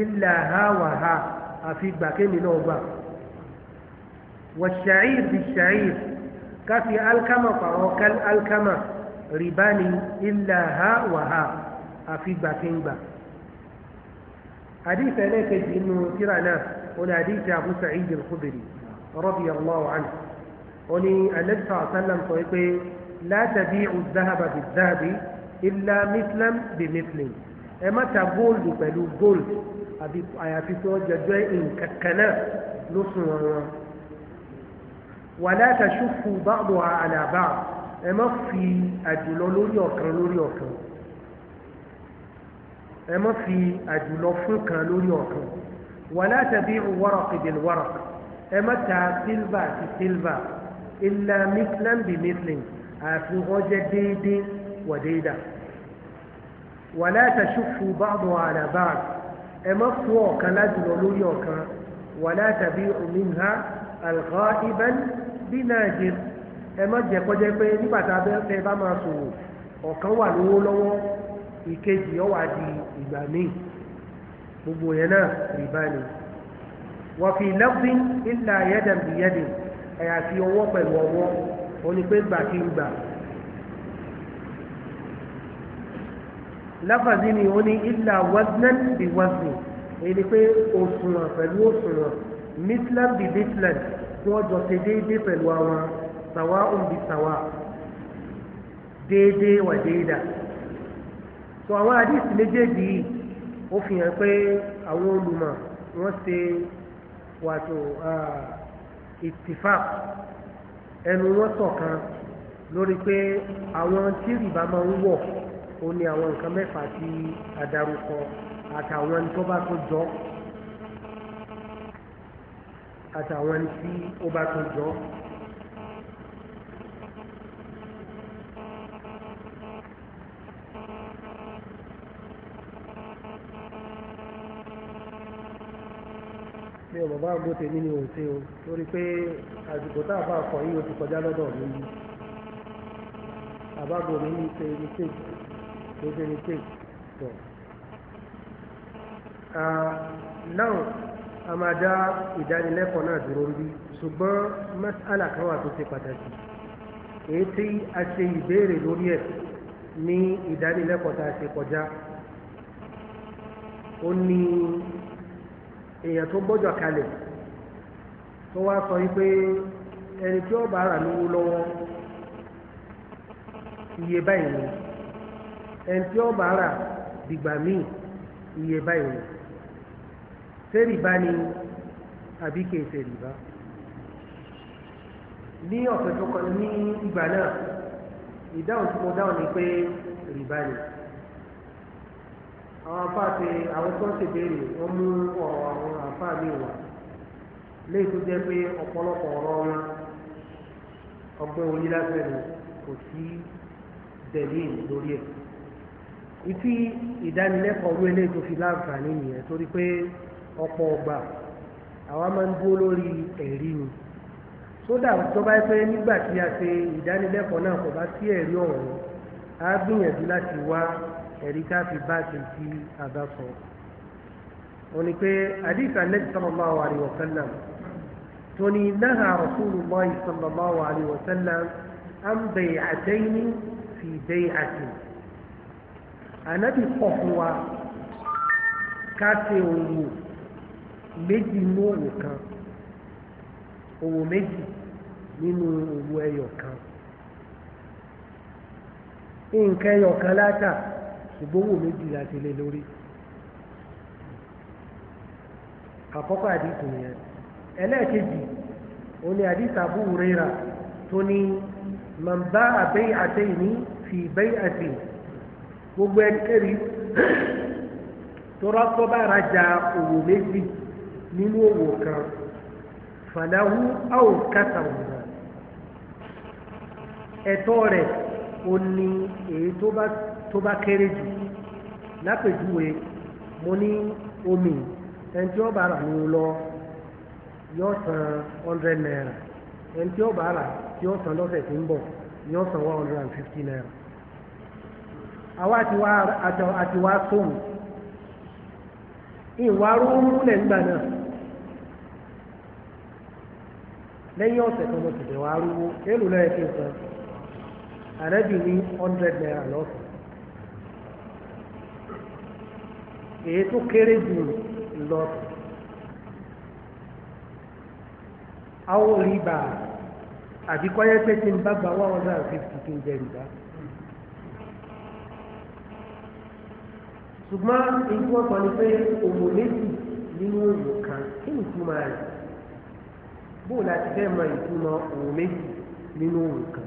ilà ha wà ha àfi gbàkémi náà gbà wàṣàìr bìṣàìr káfí alkama pàwọn kal alkama rìbá ni ilà ha wà ha àfi gbàkíngbà hadith ẹlẹ́kẹ̀jì inú tírà náà ó ní hadith Abu Sa'id al-Khudri radiyallahu anhu ó ní anabi sallam sọ pé la tabi'u adh-dhahaba bidh-dhahabi illa mithlan bimithlin ẹ má ta góòlù pẹ̀lú góòlù àyàfi tó jẹjọ́ nǹkan kan náà ló wọn wọn wàlá tàṣùfù báàbò àlàbà ẹ má fi àjùlọ lórí ọ̀kan lórí ọ̀kan ẹ má fi àjùlọ fún kan lórí ọ̀kan wàlá tàbí wọ́rọ̀kì bìl wọ́rọ̀kì ẹ má ta sílvà sí sílvà ilà mítlán bí mítlín àfi ọjẹ́ déédéé wà wàlá tàṣùfù báàbò àlàbà ẹ má fún ọ̀kan lájùlọ lórí ọ̀kan wàlá tàbí òmìnira alghaiban lílà ẹ̀jẹ̀ ẹ má jẹ́ kọjá pé nígbà tá a fẹ́ bá máa sòwò ọ̀kan wà lówó lọ́wọ́ ìkejì ó wá di ìgbà míì gbogbo yẹn náà rìbá ni wọ́n fi lẹ́gbìn ìlà yẹ́dẹ̀bìyẹ́dẹ̀ àyàfi ọwọ́ pẹ̀lú ọwọ́ òní pé gbà kí n gbà. láfàzí ni ó ní ìlà waznan bí waznan èyí ni pé òṣùwọ̀n pẹ̀lú òṣùwọ̀n mislan bí mislan tí wọ́n jọ ṣe déédéé pẹ̀lú àwọn sàwá òǹbí sàwá déédéé wà déédà tó àwọn àdìsí méjèèjì yìí ó fi hàn pé àwọn olùmọ̀ wọ́n ṣe wàtò ìtìfàp ẹnu wọn ṣọ̀kan lórí pé àwọn tí rìbá máa ń wọ̀ ó ní àwọn nǹkan mẹ́fà tí adarúkọ àtàwọn tó bá tó jọ ọ́ àtàwọn tí ó bá tún jọ. mi ò bàbá àgbóte mi ni ò ṣe o torí pé àsìkò tá a bá kọ yìí o ti kọjá lọ́dọ̀ mi yìí àbábò mi ní ṣe mistake ṣe mistake tọ̀. Ah, now a máa dá ìdánilẹ́kọ̀ọ́ náà dúró rí ṣùgbọ́n mẹ́sàlá kan wà tó ṣe pàtàkì èyí tí a ṣe ìbéèrè lórí ẹ̀ ní ìdánilẹ́kọ̀ọ́ tá a ṣe kọjá ó ní èèyàn tó gbọ́jọ̀ kalẹ̀ tó wá sọ wípé ẹni tí ó bá rà lówó lọ́wọ́ iye báyìí ni ẹni tí ó bá rà dìgbà míì iye báyìí ni sẹ́rì bá ní àbí kìí sẹ́rì bá ní ọ̀sẹ̀ tó kọ ní ìgbà náà ìdáhùn tí mo dáhùn ni pé rìbá ni àwọn afá ti àwọn tó ń ṣèbéèrè wọn mú ọ̀rọ̀ àwọn afá mi wá léyìí tó jẹ́ pé ọ̀pọ̀lọpọ̀ ọ̀rọ̀ wọn ọgbọ́n orí lásán ni kò sí dẹ̀lín lórí ẹ̀ ìfi ìdánilẹ́kọ̀ọ́ orí tó fi láǹfààní nìyẹn torí pé ọ̀pọ̀ ọgbà àwa máa ń dúró lórí ẹ̀rí ni sódà tó bá pẹ́ nígbà tí a ṣe ìdánilẹ́kọ̀ọ́ náà kò bá sí ẹ̀rí ọ̀hún á gbìyànjú láti wá ẹ̀rí ká fi bá ṣe tí a bá sọ òun ni pé àdìsá nẹ́ẹ̀tì sallallahu alaihi wa sallam tó ní náà rasulullahi sallallahu alaihi wa sallam an bay'ataini fi bay'atin ànábì pọ̀ fún wa ká ṣe òun wò méjì nínú òwò kan òwò méjì nínú òwò ẹyọ kan nǹkan ẹyọ kan látà ṣùgbọ́n òwò méjì láti lé lórí àkọ́kọ́ àdìsù yẹn ẹlẹ́ẹ̀kejì òun ni àdìsù Abu Huraira tó ní man ba'a bay'atayni fi bay'atin gbogbo ẹnikẹ́ni tó rọ́pọ̀ bá rajà òwò méjì nínú òwò kan fàdáhù áwò kátàwùnà ẹ̀tọ́ rẹ̀ ó ní èyí tó bá kéré jù lápèjúwe mo ní omi ẹni tí ó bá rà ní lọ yóò san hundred naira ẹni tí ó bá rà yóò san lọ́sẹ̀ tí ń bọ̀ yóò san one hundred and fifty naira àwa àti wá sóhùn ìwà rúurú lẹ́gbàá náà. lẹ́yìn ọ̀sẹ̀ kan mo elu fẹ́ wàá rúwó èlò náà kí n san ní hundred naira lọ́sàn èyí tó kéré jù lọ àwọn rìbá àti kọ́yẹ́ pé tí n bá gba one hundred and fifty kí n jẹ ṣùgbọ́n kan kí bóun láti fẹ́ mọ ìtumọ̀ òun méjì nínú òun kan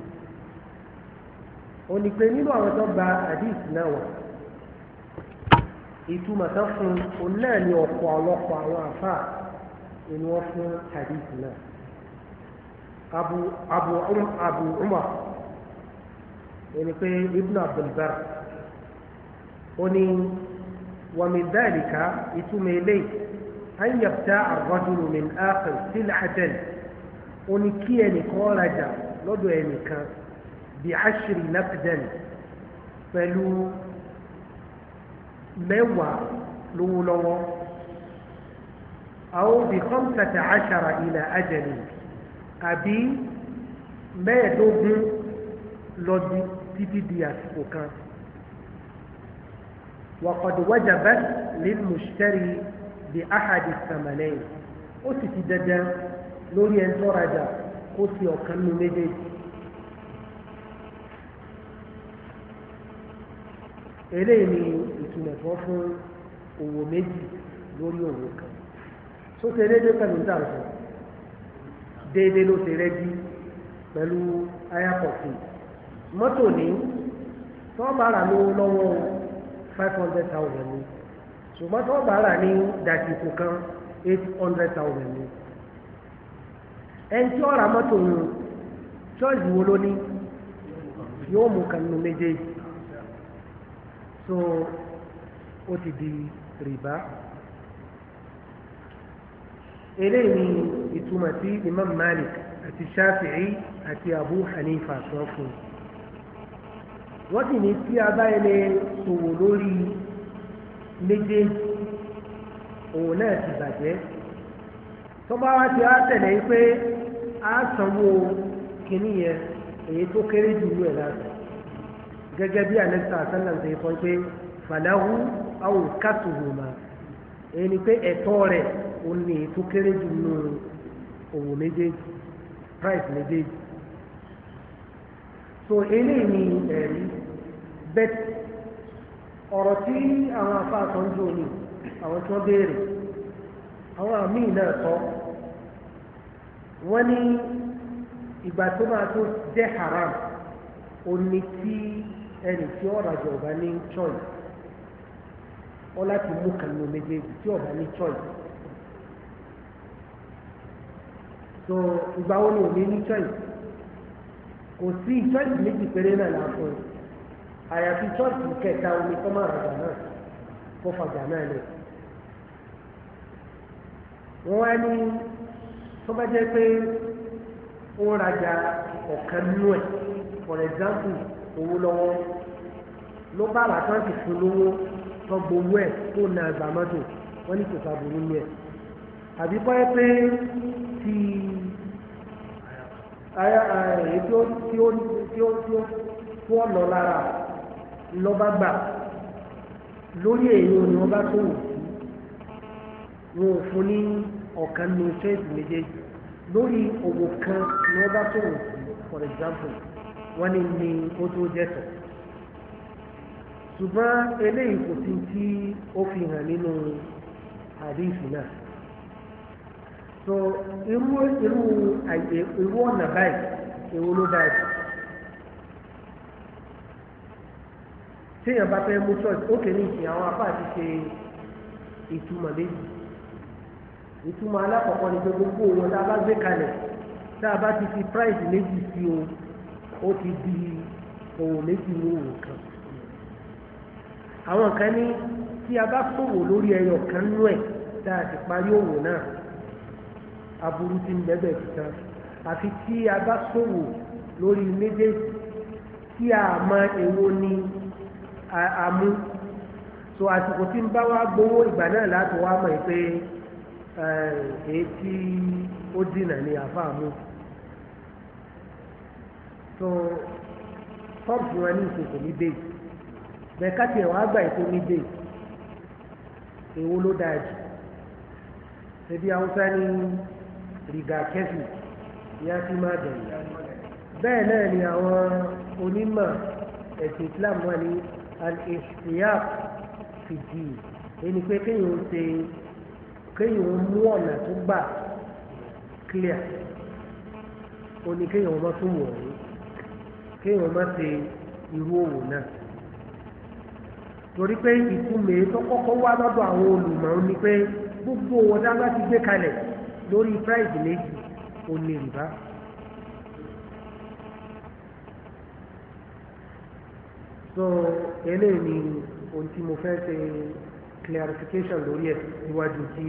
òní nínú àwọn tó gba hadith náà wà ìtumọ̀ fún òun náà ní ọ̀pọ̀ ọlọ́pọ̀ àwọn àfáà ni wọ́n fún náà abu abu um abu umar ẹni ibn abdulbar an yabta ar-rajulu min akhir sil'atan ó ní kí ẹnìkan rajà lọ́dọ̀ ẹnìkan bí ashri naqdan pẹ̀lú mẹ́wàá lówó lọ́wọ́ àwọn bí khamsata ashara ila ajali àbí mẹ́ẹ̀ẹ́dógún lọ títí di àsìkò kan waqad wajabat lil mushtari bí ahadi sàmàlẹ́yìn ó sì ti dandan lórí ẹni tó rajà kó sí ọ̀kan nínú méjèèjì. eléyìí ni ìtumọ̀ tó fún òwò méjì lórí òwò kan tó ṣe déédé pẹ̀lú dàrú déédé ló ṣe rẹ́jí pẹ̀lú ayapọ̀tì mọ́tò ní tó bá rà lọ́wọ́ five hundred thousand ní ṣùgbọ́n tó bá rà ní dàtìkù kan eight hundred thousand ni ẹni tí ó ra mọ́tò yìí ṣọ́ọ̀ṣì wo ló ní yóò mú kan nínú méjèèjì so ó ti di rìbá eléyìí ni ìtumọ̀ tí Imam Malik àti Shafi'i àti Abu Hanifa sọ fún un wọ́n sì ní tí a bá yẹn lè sòwò lórí. méjèèjì òun náà ti bàjẹ́ tọ́ba wa ti wá tẹ̀lé pé a sanwó kínní yẹn èyí tó kéré jù ẹ̀ láti gẹ́gẹ́ bí anẹ́sà sẹ́lẹ̀m ṣe sọ pé fàdáhù àwọn èyí ni pé ẹ̀tọ́ rẹ̀ òun ni èyí tó kéré so eléyìí ni ẹ̀rí ọ̀rọ̀ tí àwọn afá kan jò ní àwọn tí wọ́n béèrè àwọn àmì náà sọ wọ́n ní ìgbà tó máa tó jẹ́ haram òní tí ẹnì tí ọ̀rọ̀ àjọ ọ̀bá ní choice ọ láti mú kànú méjèèjì tí ọ̀bá ní choice so ìgbà wo ni òní ní choice kò sí choice méjì péré náà láàfin àyàfi chọ́ọ̀tì kẹta omi tó máa rajà náà kó fajà náà lè. wọ́n wá ní tó bá jẹ́ pé ó rajà ọ̀kan nínú ẹ̀ for example owó lọ́wọ́ ló bá àlàkáǹtì fún lówó tó gbowó ẹ̀ tó na ẹgbàá mọ́tò wọ́n ní kò sàbùrù ní ẹ̀. àbí pọ́ ẹ pé ti èyí tí ó tí ó tí ó tí ó fọ́ lọ lára lọ́ba gbà lórí èyí ni wọ́n bá tó wò sí wọn ò fún ní ọ̀kan ní ṣẹ́ẹ̀sì méjèèjì lórí òwò kan ni wọ́n bá tó wò sí for example wọ́n ní ní ó tó jẹ́ sọ ṣùgbọ́n eléyìí kò sí tí ó fi hàn nínú àdéhùn náà so irú irú àyè irú ọ̀nà báyìí èwo ló dáa jù. téèyàn bá fẹ́ mú choice ó kéde ìsìn àwọn apá àti ṣe ìtumọ̀ méjì ìtumọ̀ alákọ̀ọ́kọ́ ni pé gbogbo wọn tá a bá gbé kalẹ̀ tá a bá ti fi price méjì sí o ó ti di òwò méjì ní òwò kan àwọn kan ní tí a bá ṣòwò lórí ẹyọ kan nú ẹ̀ tá a ti parí òwò náà aburú ti ń bẹ́bẹ̀ tán àfi tí a bá ṣòwò lórí méjèèjì tí a mọ èwo ni amú so àsìkò tí ń bá wá gbowó ìgbà náà láti wá mọ̀ pé èyí tí ó dínà ní àfáà mú so pọ́ǹpù wọn ní ìsìnkú ní déè bẹ́ẹ̀ káti ẹ̀wọ̀n àgbà ètò ní déè èwo ló dáa jù ṣebí haúsá ní rìgà kẹfì ní a ti máa dẹ̀yìn bẹ́ẹ̀ náà ni àwọn onímọ̀ ẹ̀sìn Islam wà ní al-ihtiyat fi din ẹni pé kéèyàn ó ṣe kéèyàn o mú ọ̀nà tó gbà clear o ní kéèyàn ó má tún wọ̀ ọ́ kéèyàn ó má ṣe irú òwò náà torí pé ìkúmèé tó kọ́kọ́ wá lọ́dọ̀ àwọn olùmọ̀ ó ní pé gbogbo ọ̀dá bá ti gbé kalẹ̀ lórí price méjì ó ní rìbá. so eléyìí ni ohun tí mo fẹ́ ṣe clarification lórí ẹ̀ níwájú kí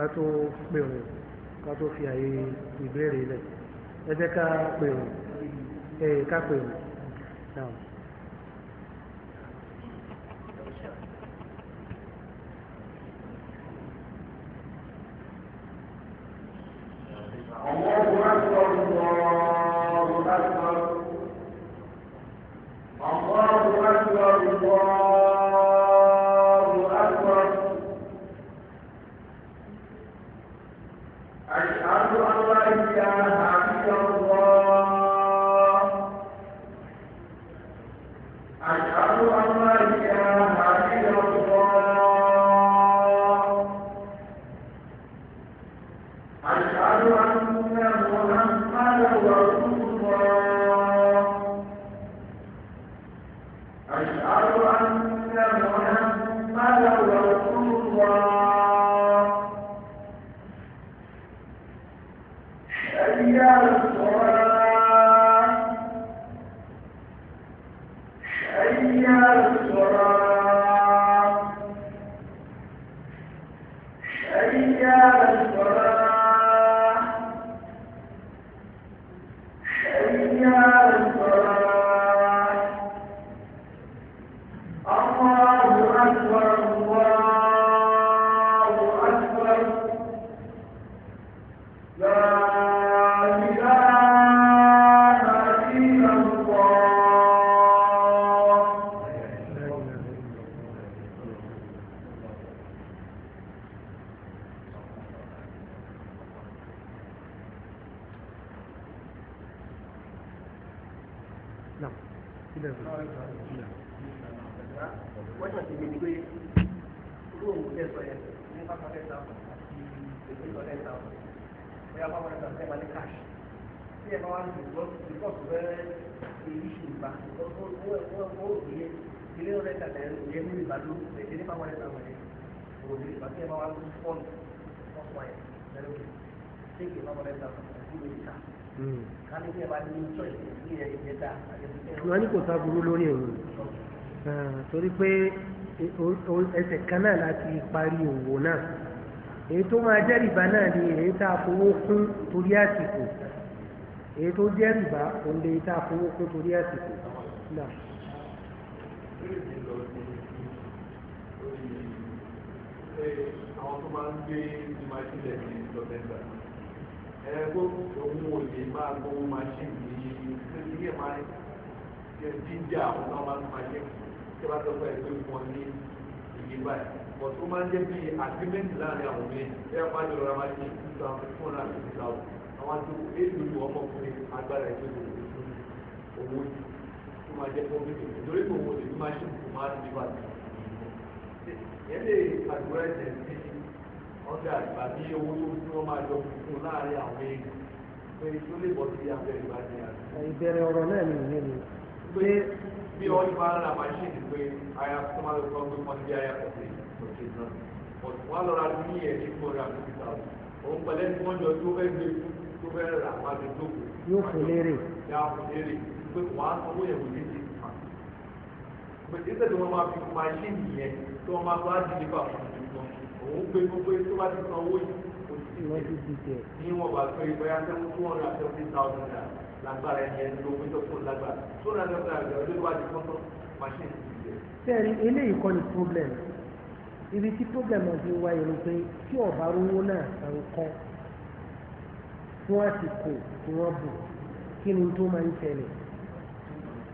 a tó pè wọ́n ká tó fi àyè ìbéèrè lẹ̀ ẹ jẹ́ ká pè wọ́n ká pè wọ́n. يا Hmm. wọ́n ní kò sá burú lórí òun ah, torí pé ẹsẹ̀ kan náà láti parí òwò náà èyí tó máa jẹ́ rìbá náà ni èyí tá a fowó kún torí àsìkò èyí tó jẹ́ rìbá òun lè tá a fowó kún torí àsìkò àwọn tó máa ń gbé ìmọ̀ ìpìlẹ̀ ní lọ́tẹ́ńdà ẹgbẹ́ òun ò lè máa gbowó machine ní ilé máa ṣe jíjà àwọn náà máa ń machine tí wọ́n tọ́ pẹ̀lú wọn ní ìdí báyìí but ó máa ń jẹ́ bí agreement láàrin àwọn ọmọ yẹn bí wọ́n bá jọ ra machine ní two thousand four hundred and fifty thousand àwọn àti èlò ọmọkùnrin agbára ìgbésẹ̀ owó yìí tó máa jẹ́ pọ́ńpẹ́tì nítorí pé òun ò lè ọjà ìgbà ní owó tó tí wọ́n máa jọ fún láàrin àwọn èèyàn pé tó lè bọ́ sí abẹ́ ìgbà ní àná. ìbẹ̀rẹ̀ ọ̀rọ̀ náà ni ìyẹn ni. pé bí wọ́n bá ń ra machine pé aya tó máa lọ sọ́n pé wọ́n ti aya kọ̀ sí òkè náà. wọ́n lọ ra ní ẹ̀ ní four hundred fifty thousand. òun pẹ̀lẹ́ tí wọ́n jọ tó fẹ́ gbé tó fẹ́ rà máa ti tó kù. yóò fún léèrè òun pé gbogbo tó bá ti san owó yìí kò sí ìdíje ní wọn bá pé bóyá seven two hundred and seventy thousand naira lágbára ẹni ẹni ló gbẹjọ fún lágbára two hundred and seventy thousand naira ló wá di tọ́tọ́ machine ìdíje. sẹ́ẹ̀ni eléyìí kọ́ ni problem ibi tí problem ọ̀sẹ̀ wáyé ló pé tí ọ̀bá rówó náà san kọ́ fún àsìkò tí wọ́n bù kí ni tó máa ń ṣẹlẹ̀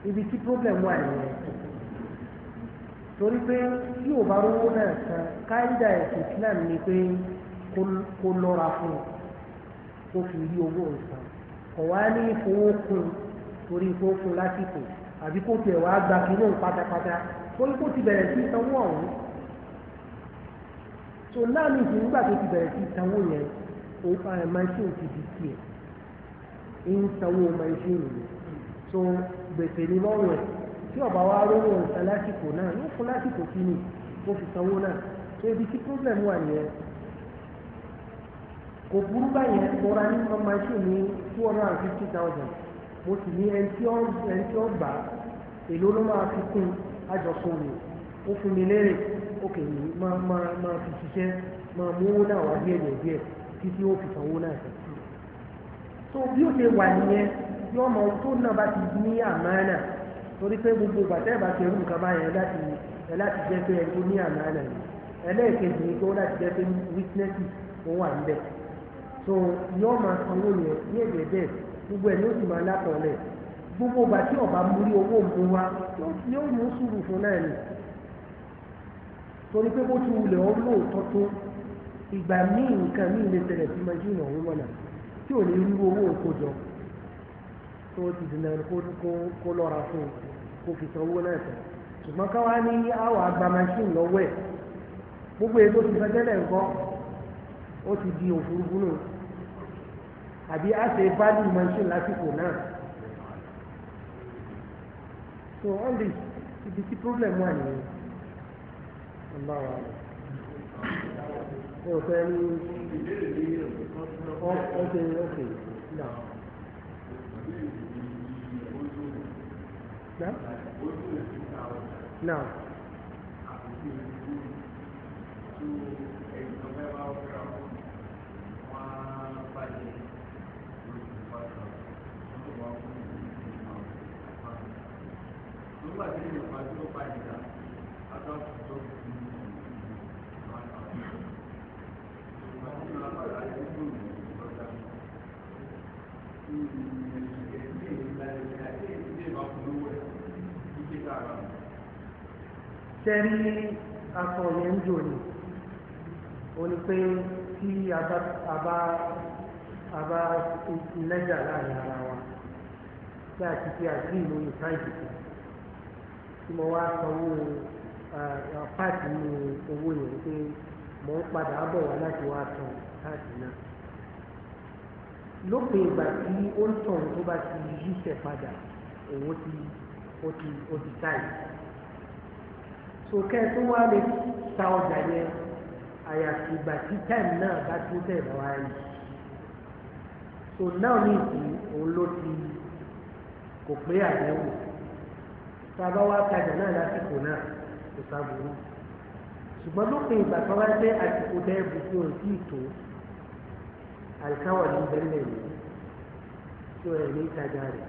ibi tí problem wà nìyẹn torí pé tí ò bá rówó náà san káyidà ẹ̀sìn Islam ni pé kó lọ́ra fún un kó fi rí owó ìsan ọ̀wá ní ìfowókun torí ìfowókun lásìkò àbí kó tiẹ̀ wá gba kí pátápátá torí kó ti bẹ̀rẹ̀ sí sanwó ọ̀hún so láàmì ìsìn nígbà tó ti bẹ̀rẹ̀ sí sanwó yẹn ó fa machine ti di tiẹ̀ ń sanwó machine yẹn so gbèsè ní lọ́rùn ẹ̀ tí ọba wa rówó nǹkan lásìkò náà yóò fún lásìkò kí ni kó fi sanwó náà tó ibi tí problem wà nìyẹn kò burú báyẹn mo ra ní machine ní two hundred and fifty thousand mo sì ní ẹni tí ó gbà èló ló máa fi kún àjọṣọ mi ó fún mi lérè ókè ní máa máa máa fi ṣiṣẹ́ máa mú owó náà wá díẹ̀ díẹ̀ díẹ̀ títí ó fi sanwó náà sẹ́yìn so bí ó ṣe wà nìyẹn yọmọ tó náà bá ti ní àmánà torí pé gbogbo bàtẹ́ ìbàtẹ́ irú nǹkan báyẹn láti ẹ láti jẹ́ pé ẹni tó ní àmì àná ni ẹlẹ́ẹ̀kejì ni pé ó láti jẹ́ pé wítínẹ́sì ó wà ń bẹ̀ so yóò máa sanwó yẹn ní èdè bẹ́ẹ̀ gbogbo ẹ̀ yóò sì máa látọ̀ọ̀lẹ̀ gbogbo bàtí ọba múrí owó mú wa yóò mú sùúrù fún náà ni torí pé bó ti wulẹ̀ ọ́ lóòótọ́ tó ìgbà míì nǹkan míì lè tẹ̀lẹ̀ sí mọ́jú ìnáwó mọ́nà tí tó ti dìnnà kó lọ́ra fún un kó fi san owó náà tán ṣùgbọ́n káwá ní àwọn àgbà machine lọ́wọ́ ẹ̀ gbogbo èyí tó ti fẹ́tẹ́lẹ̀ ńkọ́ ó ti di òfurufú nù àbí a ṣe value machine lásìkò náà so all this ibi tí problem wà nìyẹn ọba wa ẹ ò fẹ́ ní ọ̀kẹ́ ọ̀kẹ́ náà. Now? Now. Thank you. tẹ́rí aṣọ yẹn ń jò ní o ní pé tí a bá lẹ́jà láàrin ara wa tí a ti fi àdúgbò lórí fáìlì kan tí mo wá sanwó páàkì nínú owó yẹn pé mo ń padà bọ̀ wá láti wá san páàkì náà lópin ìgbà tí ó ń tàn tó bá ti yíṣẹ́ padà òun ti ó ti ó ti táyì sòkè tó wá lè ta ọjà yẹn àyàfi ìgbà táìmù náà bá tún tẹ̀ lọ́wọ́ ayé so náà ní ìsìn òun ló ti kò pé àdéhùn tá a bá wá tajà náà lásìkò náà kò sábòrò ṣùgbọ́n lópin ìgbà tó wá dé àsìkò dẹ́ẹ̀bù tí òun tí ì tó àlùkáwọ̀ ní bẹ́ẹ̀lẹ̀ ní tí ẹ̀ ní ìtajà rẹ̀.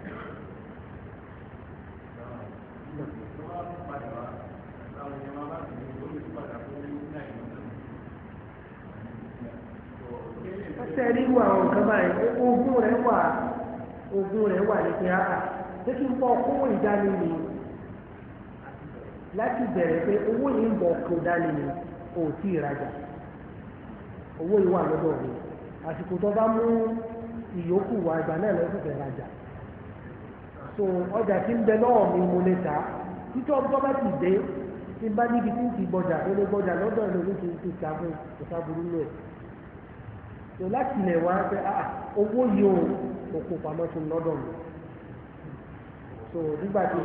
sẹ́ẹ̀rí wà àwọn nǹkan báyìí ogún rẹ̀ wà ogún rẹ̀ wà ní kíákà ṣé kí n bọ́ owó ìdání láti bẹ̀rẹ̀ pé owó yìí ń bọ̀ ò tí ì rajà owó yìí wà lọ́dọ̀ mi àsìkò tó bá mú ìyókù wà ìgbà náà lọ́sùn fẹ́ rajà so ọjà tí ń bẹ lọ́wọ́ mi mo lè tí n bá níbi tí n ti gbọjà eré gbọjà lọ́dọ̀ ẹ̀ lórí kìí ti ta fún ìta burú lẹ̀ tó láti ilẹ̀ wá pé ah, ah, owó yìí ò kò kó pamọ́ fún lọ́dọ̀ mi so nígbà tí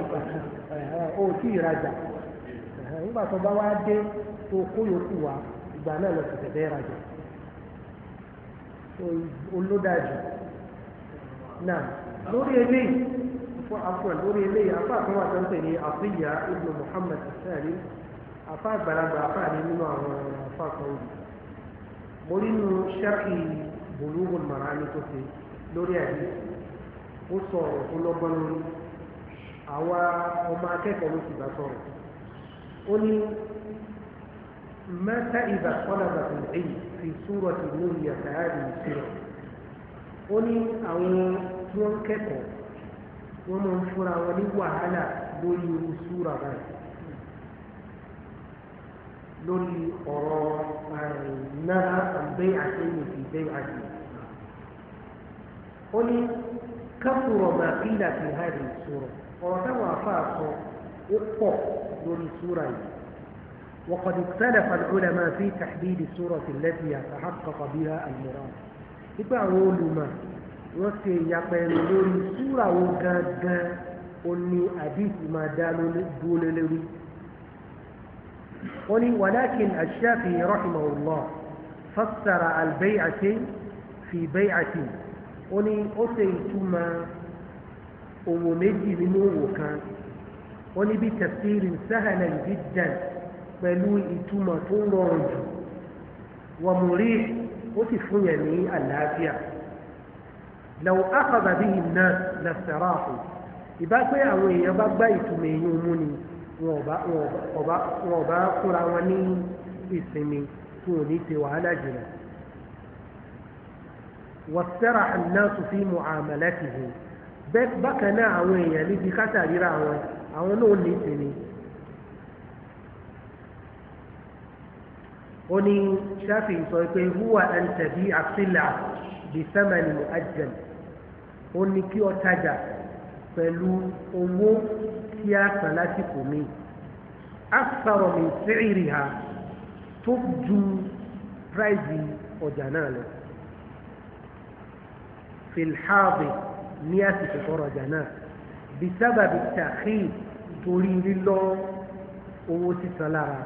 o tí ì rajà nígbà tó bá wá dé tó kó yòókù wá ìgbà náà lọ sí tẹ̀tẹ̀ rajà olódàjù náà lórí eléyìí. عفوا لوري لي أفا هو تنتهي عطية ابن محمد الثاني أفا بلد أفا نمنا أفا سعودي مرين شرحي بلوغ المرامي تسي لوري أبي وصور ولبن àwa ọmọ akẹ́kọ̀ọ́ ló ti bá sọ̀rọ̀ ó ní mẹ́ta ìbà kọ́nàbà tó ń èyí fi súrọ̀ tì lórí ẹ̀ka ààrẹ ìṣirò ó ní àwọn tí wọ́n ń kẹ́kọ̀ọ́ wọ́n máa ń fúnra wọn ní wàhálà lórí irú súra báyìí lórí ọ̀rọ̀ náà àgbẹ̀ àtẹ̀yìn fi bẹ́ẹ̀ àti. ó ní kápùrọ̀ máa fi ìlà fi hàdì sọ̀rọ̀ ọ̀rọ̀ táwọn afáà sọ ó pọ̀ lórí súra yìí. وقد اختلف العلماء في تحديد السورة التي يتحقق بها المراد. إذا علماء wọ́n ṣe ìyapẹ ẹnu lórí súra wo gangan ó ní àdìsí máa dá dúró lórí wọ́n ní wàlákin àṣàfi rahimahullah fassara albay'ati fi bay'ati ó ní ó ṣe ìtumọ̀ òwò méjì nínú òwò kan ó ní bí tafsiri sahana jiddan pẹ̀lú ìtumọ̀ tó rọrùn jù wàmúrí ó sì fún yẹn ní àlàáfíà. لو أخذ به الناس لاستراحوا ìbá pé àwọn èèyàn bá gbá ìtumọ̀ èèyàn mú ni wọn ò bá kóra wọn ní ìsinmi tí ò ní ṣe wàhálà jùlọ. wàsẹ́rà ànáṣù fi mu àmàlà ti hù bẹ́ẹ̀ bákan náà àwọn èèyàn níbi kátàríra àwọn àwọn náà ní ìsinmi. ó ní sáfì sọ pé húwa ẹ̀ tẹ̀bí àfilà bí sẹ́mẹ̀lì àjẹmù ó ní kí o tajà pẹ̀lú owó tí a san lásìkò mi asọ̀rọ̀ mi sẹ́ẹ̀rì ha tó ju price ọjà náà lọ filhaabi ní àsìkò tọrọ ọjà náà bisababi takhir torí lílọ owó sísan lára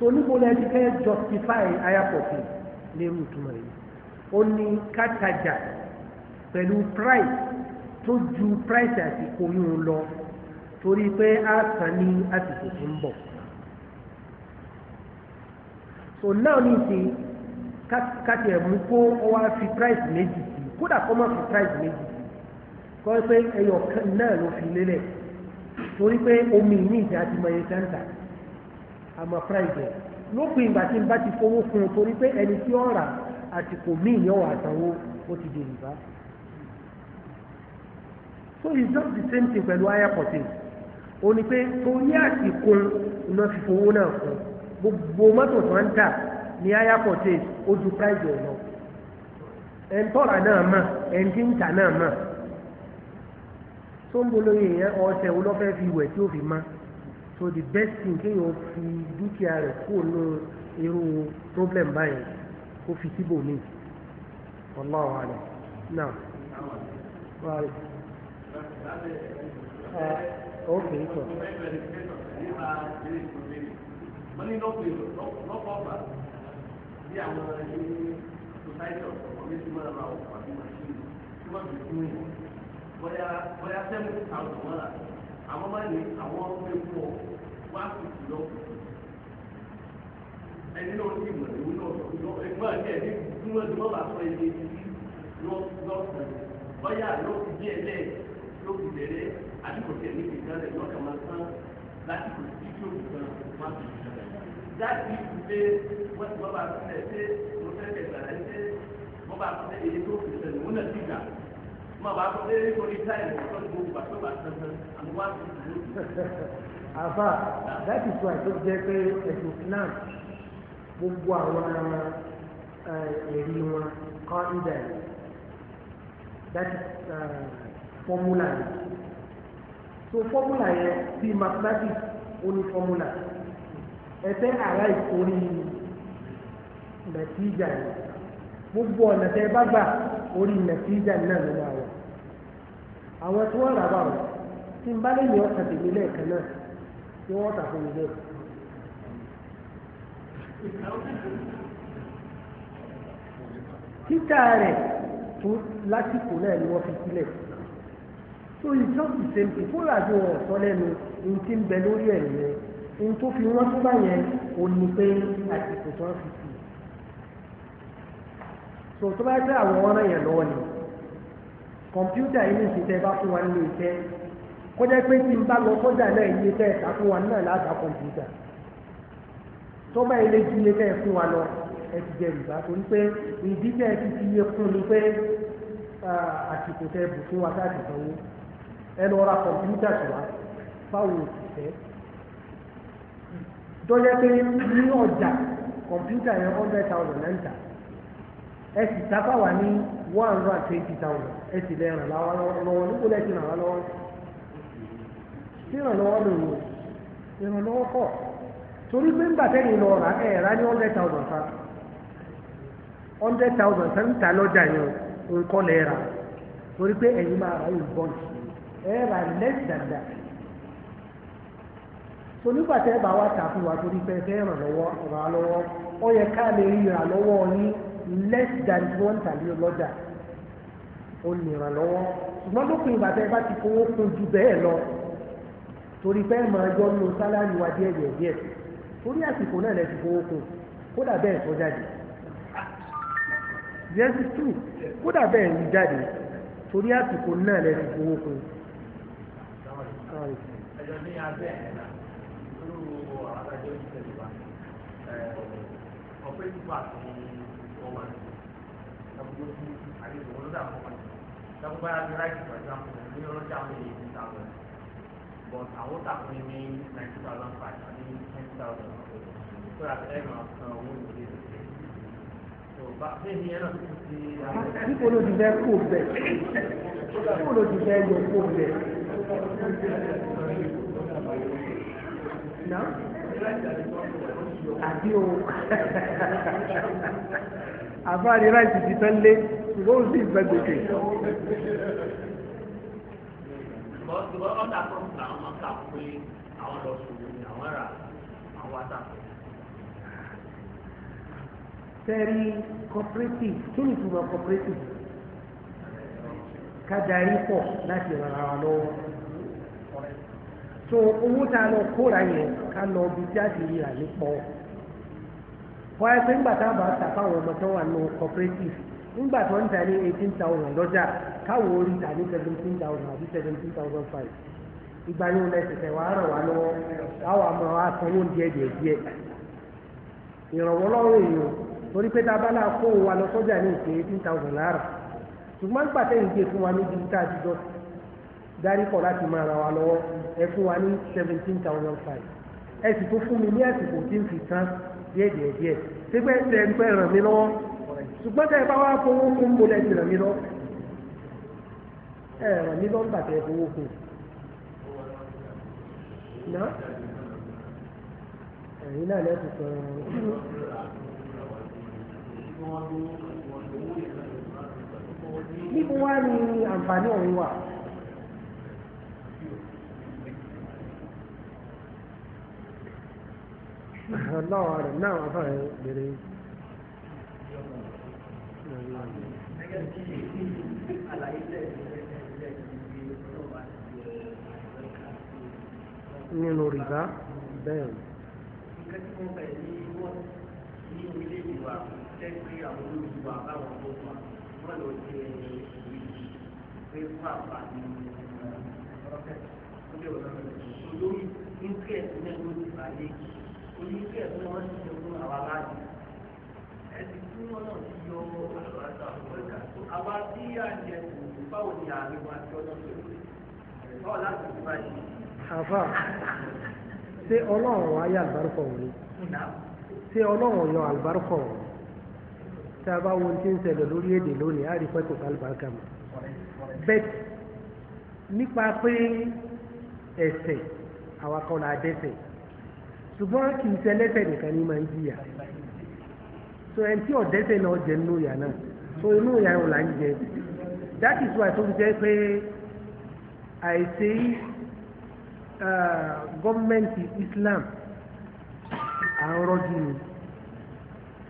so níbo lẹ́yìn fẹ́ justify ayapọ̀fin ní irú ìtumọ̀ yìí ó ní kátajà. pẹ̀lú price tó ju price àsìkò yìí lọ torí pé a san ní àsìkò tó ń bọ̀ so now ní ti káti ẹ̀ kó ọ wá fi price méjì sí kódà kó má fi price méjì sí kọ́ pé ẹyọ náà ló fi lélẹ̀ torí omi ní ìjà ti mọ ẹyẹ sẹ́ńtà àmọ́ price ẹ̀ lópin ìgbà tí n bá ti fowó fún un torí pé ẹni wà sanwó ó ti di so it's just the same thing pẹ̀lú aya fourteen o ní pé torí àsìkò iná fífowó náà fún gbogbo mọ́tò tó ń tà ní aya fourteen ó ju price ẹ̀ lọ ẹ̀ńtọ́ra náà mà ẹ̀ńtíńtà náà mà tó ń bolóye yẹn ọ̀sẹ̀ wo lọ́fẹ́ fi wẹ̀ tí ó fi má so the best thing kéèyàn fi dúkìá rẹ̀ kó nù irú problem báyìí kó fi síbò míì Wallahu a'lam náà ókè tó. wọ́n ní lọ́pọ̀ èrò lọ́pọ̀ ọ̀gbà bí àwọn ẹni sọ́sáìtì ọ̀pọ̀ ọ̀gbìn tí wọ́n ra ọ̀pọ̀ àti màṣíìnì tí wọ́n fi fún yìí bóyá bóyá sẹ́mu àwọn ọ̀gbọ́n rà àwọn máa ní àwọn ọmọ epo wá kùtù lọ ẹni náà ní ìmọ̀ ìwé náà sọ ẹgbẹ́ àti ẹni tí wọ́n ti wọ́n bá sọ yóò fi bẹ̀rẹ̀ àdìgbòkè ní ìdílé wọn kà máa tán láti kò sí yóò fi tán wọn fi tán. dáàbì ìdílé wọn ti wọn bá sílẹ̀ ṣé mo fẹ́ tẹ̀gbà rẹ̀ ṣé wọn bá sílẹ̀ èyí tó fi tẹ̀lé wọn náà ti gbà. mo bá tó lé orí táyà tó ń gbogbo àti ọba tuntun àmì wá sí ìdílé. àbá láti sọ àìsó pé ẹ̀sùn Islam gbogbo àwọn eh, ẹ̀rí wọn kọ́ ìdá ẹ̀ fọ́múlà yẹn so fọ́múlà yẹn bí mathematics ó ní fọ́múlà ẹ fẹ́ ara ìkórè nàìjíríà yẹn gbogbo ọ̀nà tẹ́ bá gbà orí nàìjíríà náà ló máa wà àwọn tí wọ́n rà bá wọn tí n bá lè ní ọ̀sán tèmi lẹ́ẹ̀kan náà tí wọ́n tà fún mi lẹ́ẹ̀. títà rẹ̀ tó lásìkò náà ni wọ́n fi sílẹ̀ so it's just the same thing fúnra àti wọn ọ̀sọ́ lẹ́nu ní ti ń bẹ lórí ẹ̀ yẹn ní tó fi wọ́n tó bá yẹn ò ní pé àsìkò tó ń fi sí i so tó bá yẹ pé àwọn ọ̀ràn yẹn lọ́wọ́ ni kọ̀mpútà yìí ní ìṣiṣẹ́ bá fún wa nílé iṣẹ́ kọjá pé tí n bá lọ kọjá náà iye tẹ́ ẹ̀ka fún wa náà láàbà kọ̀mpútà tó bá yẹ lé ju iye tẹ́ ẹ fún wa lọ ẹ ti jẹ rìbá torí pé ìdí ti fi iye kún ni pé àsìkò tẹ́ ẹnu ọ̀rá kọ̀mpútà ṣùgbọ́n fáwọn òṣìṣẹ́ dọ́jẹ́ pé ní ọjà kọ̀mpútà yẹn hundred thousand náà ń ẹ sì tápá wà ní one hundred and twenty thousand ẹ sì lè ràn lọ́wọ́ lọ́wọ́ nípò lẹ́sìn ràn wá lọ́wọ́ ìrànlọ́wọ́ ló wò ìrànlọ́wọ́ kọ̀ torí pé lọ rà ẹ̀ rà ní fa fa ń ẹ ra less than that so nígbà tẹ́ bá wá tà fún torí pé fẹ́ ràn lọ́wọ́ ràn lọ́wọ́ ó yẹ ká lè rà lọ́wọ́ tàbí ó lè ràn lọ́wọ́ ṣùgbọ́n ìgbà tẹ́ bá ti fowó kún ju bẹ́ẹ̀ lọ torí pé máa yọ nínú sálárì wa díẹ̀ díẹ̀ díẹ̀ torí àsìkò náà lẹ ti fowó kún kódà bẹ́ẹ̀ jáde yẹn ti tù kódà bẹ́ẹ̀ ń jáde torí àsìkò náà ti fowó kún. ẹjọ́ ọ̀pẹ́ nípa àtúnwò ọmọ ẹ̀sìn ẹ̀kọ́ sí àdéhùn olódà ọmọ ẹ̀sìn ẹ̀kọ́ bá yàtọ̀ láì fún ẹ̀sìn àpò ní ọlọ́jà àwọn èèyàn ní ìtàwọn but àwọn tàkùn ní ninety thousand five àti ten thousand so that ẹ̀rọ ọ̀sán owó ìdílé rẹ̀ níbo ló ti fẹ́ kó bẹ̀ níbo ló ti fẹ́ yọ kó bẹ̀ àbí o àbáàrí ráìsì ti tán lé ṣùgbọ́n ó sì gbẹ gbèsè. ṣùgbọ́n ọ̀dà tó ń gbà wọ́n kà pé cooperative kí ni ìtumọ̀ cooperative ká darí pọ̀ láti ràn ara lọ́wọ́. so owó tá a lọ kóra yẹn ká lọ bí tí a ti rí àyè pọ wọ́n á pé ńgbà tá a bá ta fáwọn ọmọ tó wà ní cooperative ńgbà tó ń ta ní eighteen thousand lọ́jà orí ta ní seventeen thousand àbí seventeen thousand five ìgbà yóò lẹ́sẹ̀ tẹ̀ wàá ràn wá lọ́wọ́ àmọ́ wa sanwó díẹ̀ díẹ̀ díẹ̀ ìrànwọ́ darí kọ̀ láti máa ra wa lọ́wọ́ ẹ fún wa ní seventeen thousand five ẹ sì tó fún mi ní àsìkò tí ń fi tán díẹ̀ díẹ̀ díẹ̀ sígbẹ́ tẹ ẹ pẹ́ ràn mí lọ́wọ́ ṣùgbọ́n tẹ ẹ bá wá fowó kún mo lẹ́ ti ràn mí lọ ẹ ràn mí lọ́nà tẹ fowó kún ná ẹ̀yin náà lẹ́tù sọ̀rọ̀ níbo wá ní àǹfààní ọ̀hún wà. lọ́wọ́ rẹ̀ náà wọ́n fàá bèrè. nínú rìbá bẹ́ẹ̀ ni. nǹkan tí wọ́n fẹ́ ní wọ́n ní ilé ìwà lẹ́gbẹ̀ẹ́ àwọn olùdíwà báwọn oníṣẹ́ ẹ̀fọ́ ni wọ́n ti ṣe fún àwa láàyè ẹ̀sìn tí wọ́n náà ti yọ àlùbáṣà fún ọjà tó àwa tí à ń jẹ tòun báwo ni àárín wa ti ọdún tó lè báwo láti fi báyìí. àfà ṣé ọlọ́run wa yá àlùbáríkọ̀ wò ni ṣé ọlọ́run yọ àlùbáríkọ̀ wò ni a bá wo ohun tí ń ṣẹlẹ̀ lórí èdè lónìí á rí pẹ́ tó kálùbáríkà mọ́ bẹ́ẹ̀ nípa pé ẹ̀sẹ̀ àwa kan là ṣùgbọ́n kì í ṣẹlẹ́sẹ̀ nìkan ní máa ń jìyà so ẹni tí ọ̀dẹ́sẹ̀ náà jẹ nínú ìyà náà so inú ìyà yẹn là ń jẹ that is why tó fi jẹ́ pé àìsí gọ́ọ̀mẹ̀ntì Islam à ń rọ́jú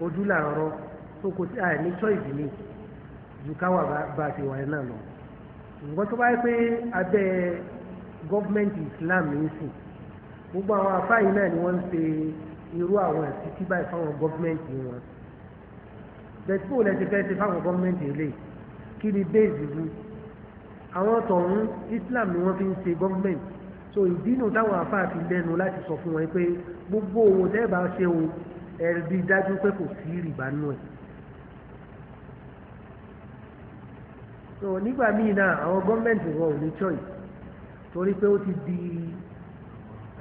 ojú là ń so kò sí àìní choice ni ju káwà bá a ti wà náà lọ ṣùgbọ́n tó bá yẹ pé abẹ́ gọ́ọ̀mẹ̀ntì Islam ń sìn gbogbo àwọn afáyín náà ni wọ́n ń ṣe irú àwọn ẹ̀sìn tí báyìí fáwọn gọ́fíńmẹ̀ntì wọn bẹ̀tí bò lẹ́sẹ̀ fẹ́ ṣe fáwọn gọ́fíńmẹ̀ntì lè kí ni bẹ́ẹ̀sì wú àwọn tọ̀hún Islam ni wọ́n fi ń ṣe gọ́fíńmẹ̀ntì so ìdínú táwọn afáà fi lẹ́nu láti sọ fún wọn pé gbogbo owó tẹ́ bá ṣe o ẹ̀rí dájú pé kò sí ìrìbá nù ẹ̀ so nígbà míì náà àwọn gọ́fíńmẹ̀ntì wọn ò ní choice torí pé ó ti di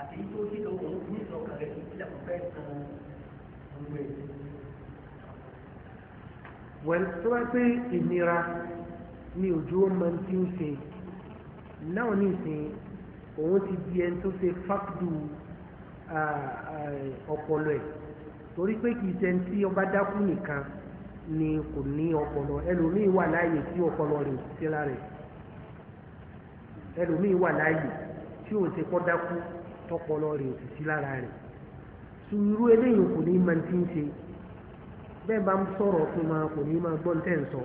àti tó tí lòun ní ìsọkàn rẹ̀ ìpínlẹ̀ pẹ́ kan gbogbo ẹ̀ wẹ́n tó wá pé ìnira ní ojú ó máa ti ń ṣe náà nísìnyí òun ti di ẹni tó ṣe fákìdù ọpọlọ ẹ̀ torí pé kì í ṣe tí ọba dákú nìkan ni kò ní ọpọlọ ẹlòmíì wà láàyè tí ọpọlọ rẹ̀ ṣe lára rẹ̀ ẹlòmíì wà láàyè tí ò ṣe kọ́ dákú tọpọlọ rẹ̀ ò sì lára rẹ̀ sùúrù eléyìí kò ní máa ti ń ṣe bẹ́ẹ̀ bá ń sọ̀rọ̀ fún ma kò ní máa gbọ́n tẹ̀ ń sọ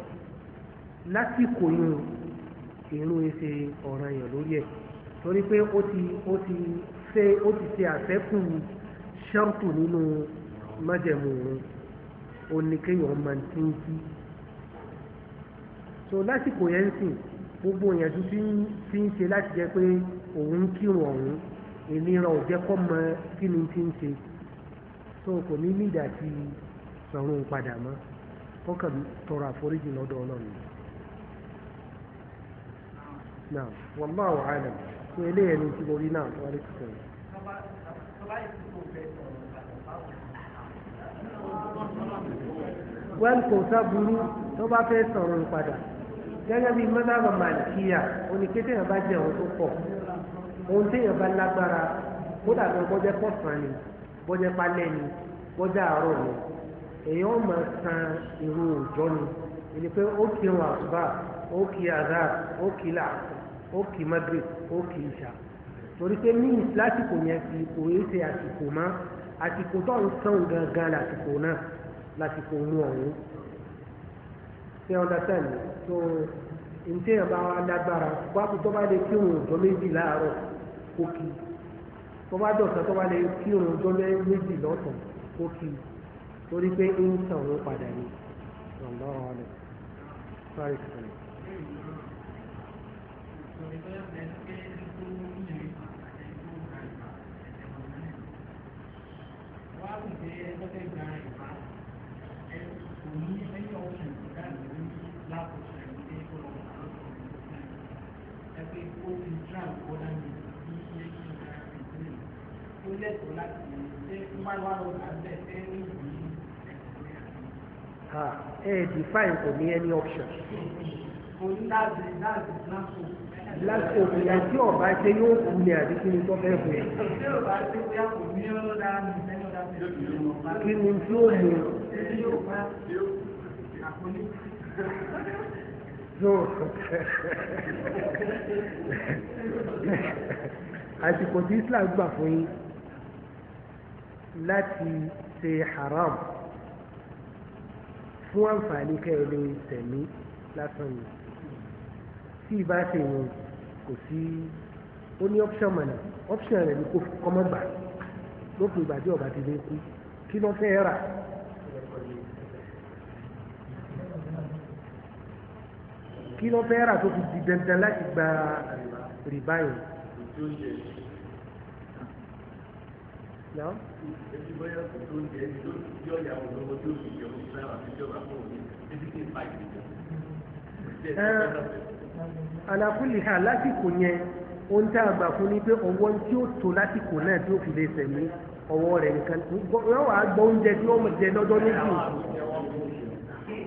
lásìkò yun ìrun ẹsẹ̀ ọ̀ràn yàn lórí ẹ̀ torí pé ó ti ó ti ṣe ó ti ṣe àfẹ́kù ṣọ́ọ̀tù nínú májẹ̀mú òun ó ní kéèyàn máa ti ń kí so lásìkò yẹn ń sìn gbogbo ìyànjú tí ń ṣe láti jẹ́ pé òun kírun ọ̀hún ìnira ò jẹ́ kọ́ mọ kí ni ti ń ṣe so kò ní nídàá ti sanwó ń padà mọ́ ó kàn tọrọ àforíjì lọ́dọ̀ ọlọ́run náà wallahu alam fún eléyẹn ní tí mo rí náà wọ́n lè ti sọ̀rọ̀. wọ́n kò sábúrú tó bá fẹ́ sọ̀rọ̀ padà gẹ́gẹ́ bí mọ́tàbà màlìkíyà oníkété yẹn bá jẹ́ ohun tó pọ̀ ohun téèyàn bá lágbára kódà gan bọ́jẹ́ pọ̀sán ni bọ́jẹ́ pálẹ́ ni bọ́jẹ́ àárọ̀ ni èèyàn máa san irú òjò ni èyí pé ó kí irun àsùbá ó kí àdá ó kí là ó kí magrib ó kí ìṣà torí pé ní lásìkò yẹn ti kò é ṣe àsìkò mọ́ àsìkò tó ń sàn gangan lásìkò náà lásìkò mú ọ̀hún ṣé ọ̀dà sẹ́ni tó ntẹ́yìn bá wà lágbára wákò tó bá lè kírun òjò méjì láàárọ̀ kó kí tó bá dọ̀sán tó bá lè kírun òjò méjì lọ́sàn kó kí torí pé ń tàn wọ́n padà ní ọ̀gbọ́n ọ̀rẹ́ paris kọ́lẹ̀. Lẹ́tọ̀ọ́ láti ṣe ń bá wà lọ́wọ́ àbẹ̀ fẹ́ ní ìlú ẹ define kò ní any option. lásìkò ìyá tí ọba ṣe yóò kú ni àbí kí ni tó fẹ́ fún yẹn. kí ni tí ó mú àsìkò tí Islam gbà fún yín láti ṣe haram fún àǹfààní kẹ́ẹ̀lẹ́ tẹ̀mí lásán ni tí ìbá ṣe wọn kò sí ó ní option mọ̀nà option rẹ̀ ni kò kọ́mọ́ gbà lópin ìgbà tí ọba ti lè kú kí ló fẹ́ rà kí ló fẹ́ rà tó fi di dandan láti gba rìbáyìí náà. a na kò tó ń jẹ ẹni fún òní lásìkò yẹn ohun tá a gbà fún ni pé ọwọ́ tí ó tó lásìkò náà tí ó fi lè sẹ̀mí ọwọ́ rẹ̀ nìkan yóò wá gbọ́ oúnjẹ tí wọ́n jẹ lọ́jọ́ méjì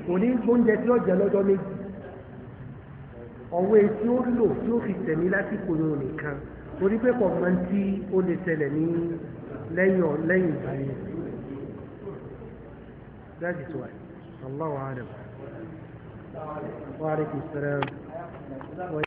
kò ní oúnjẹ tí wọ́n jẹ lọ́jọ́ méjì ọwọ́ etí ó lò tí ó fi sẹ̀mí lásìkò yẹn nìkan torí pé kò tí ó lè ṣẹlẹ̀ ní lẹ́yìn lẹ́yìn ìgbà yẹn dájú tó wáyé Allahu a'lam wa alaykum salaam.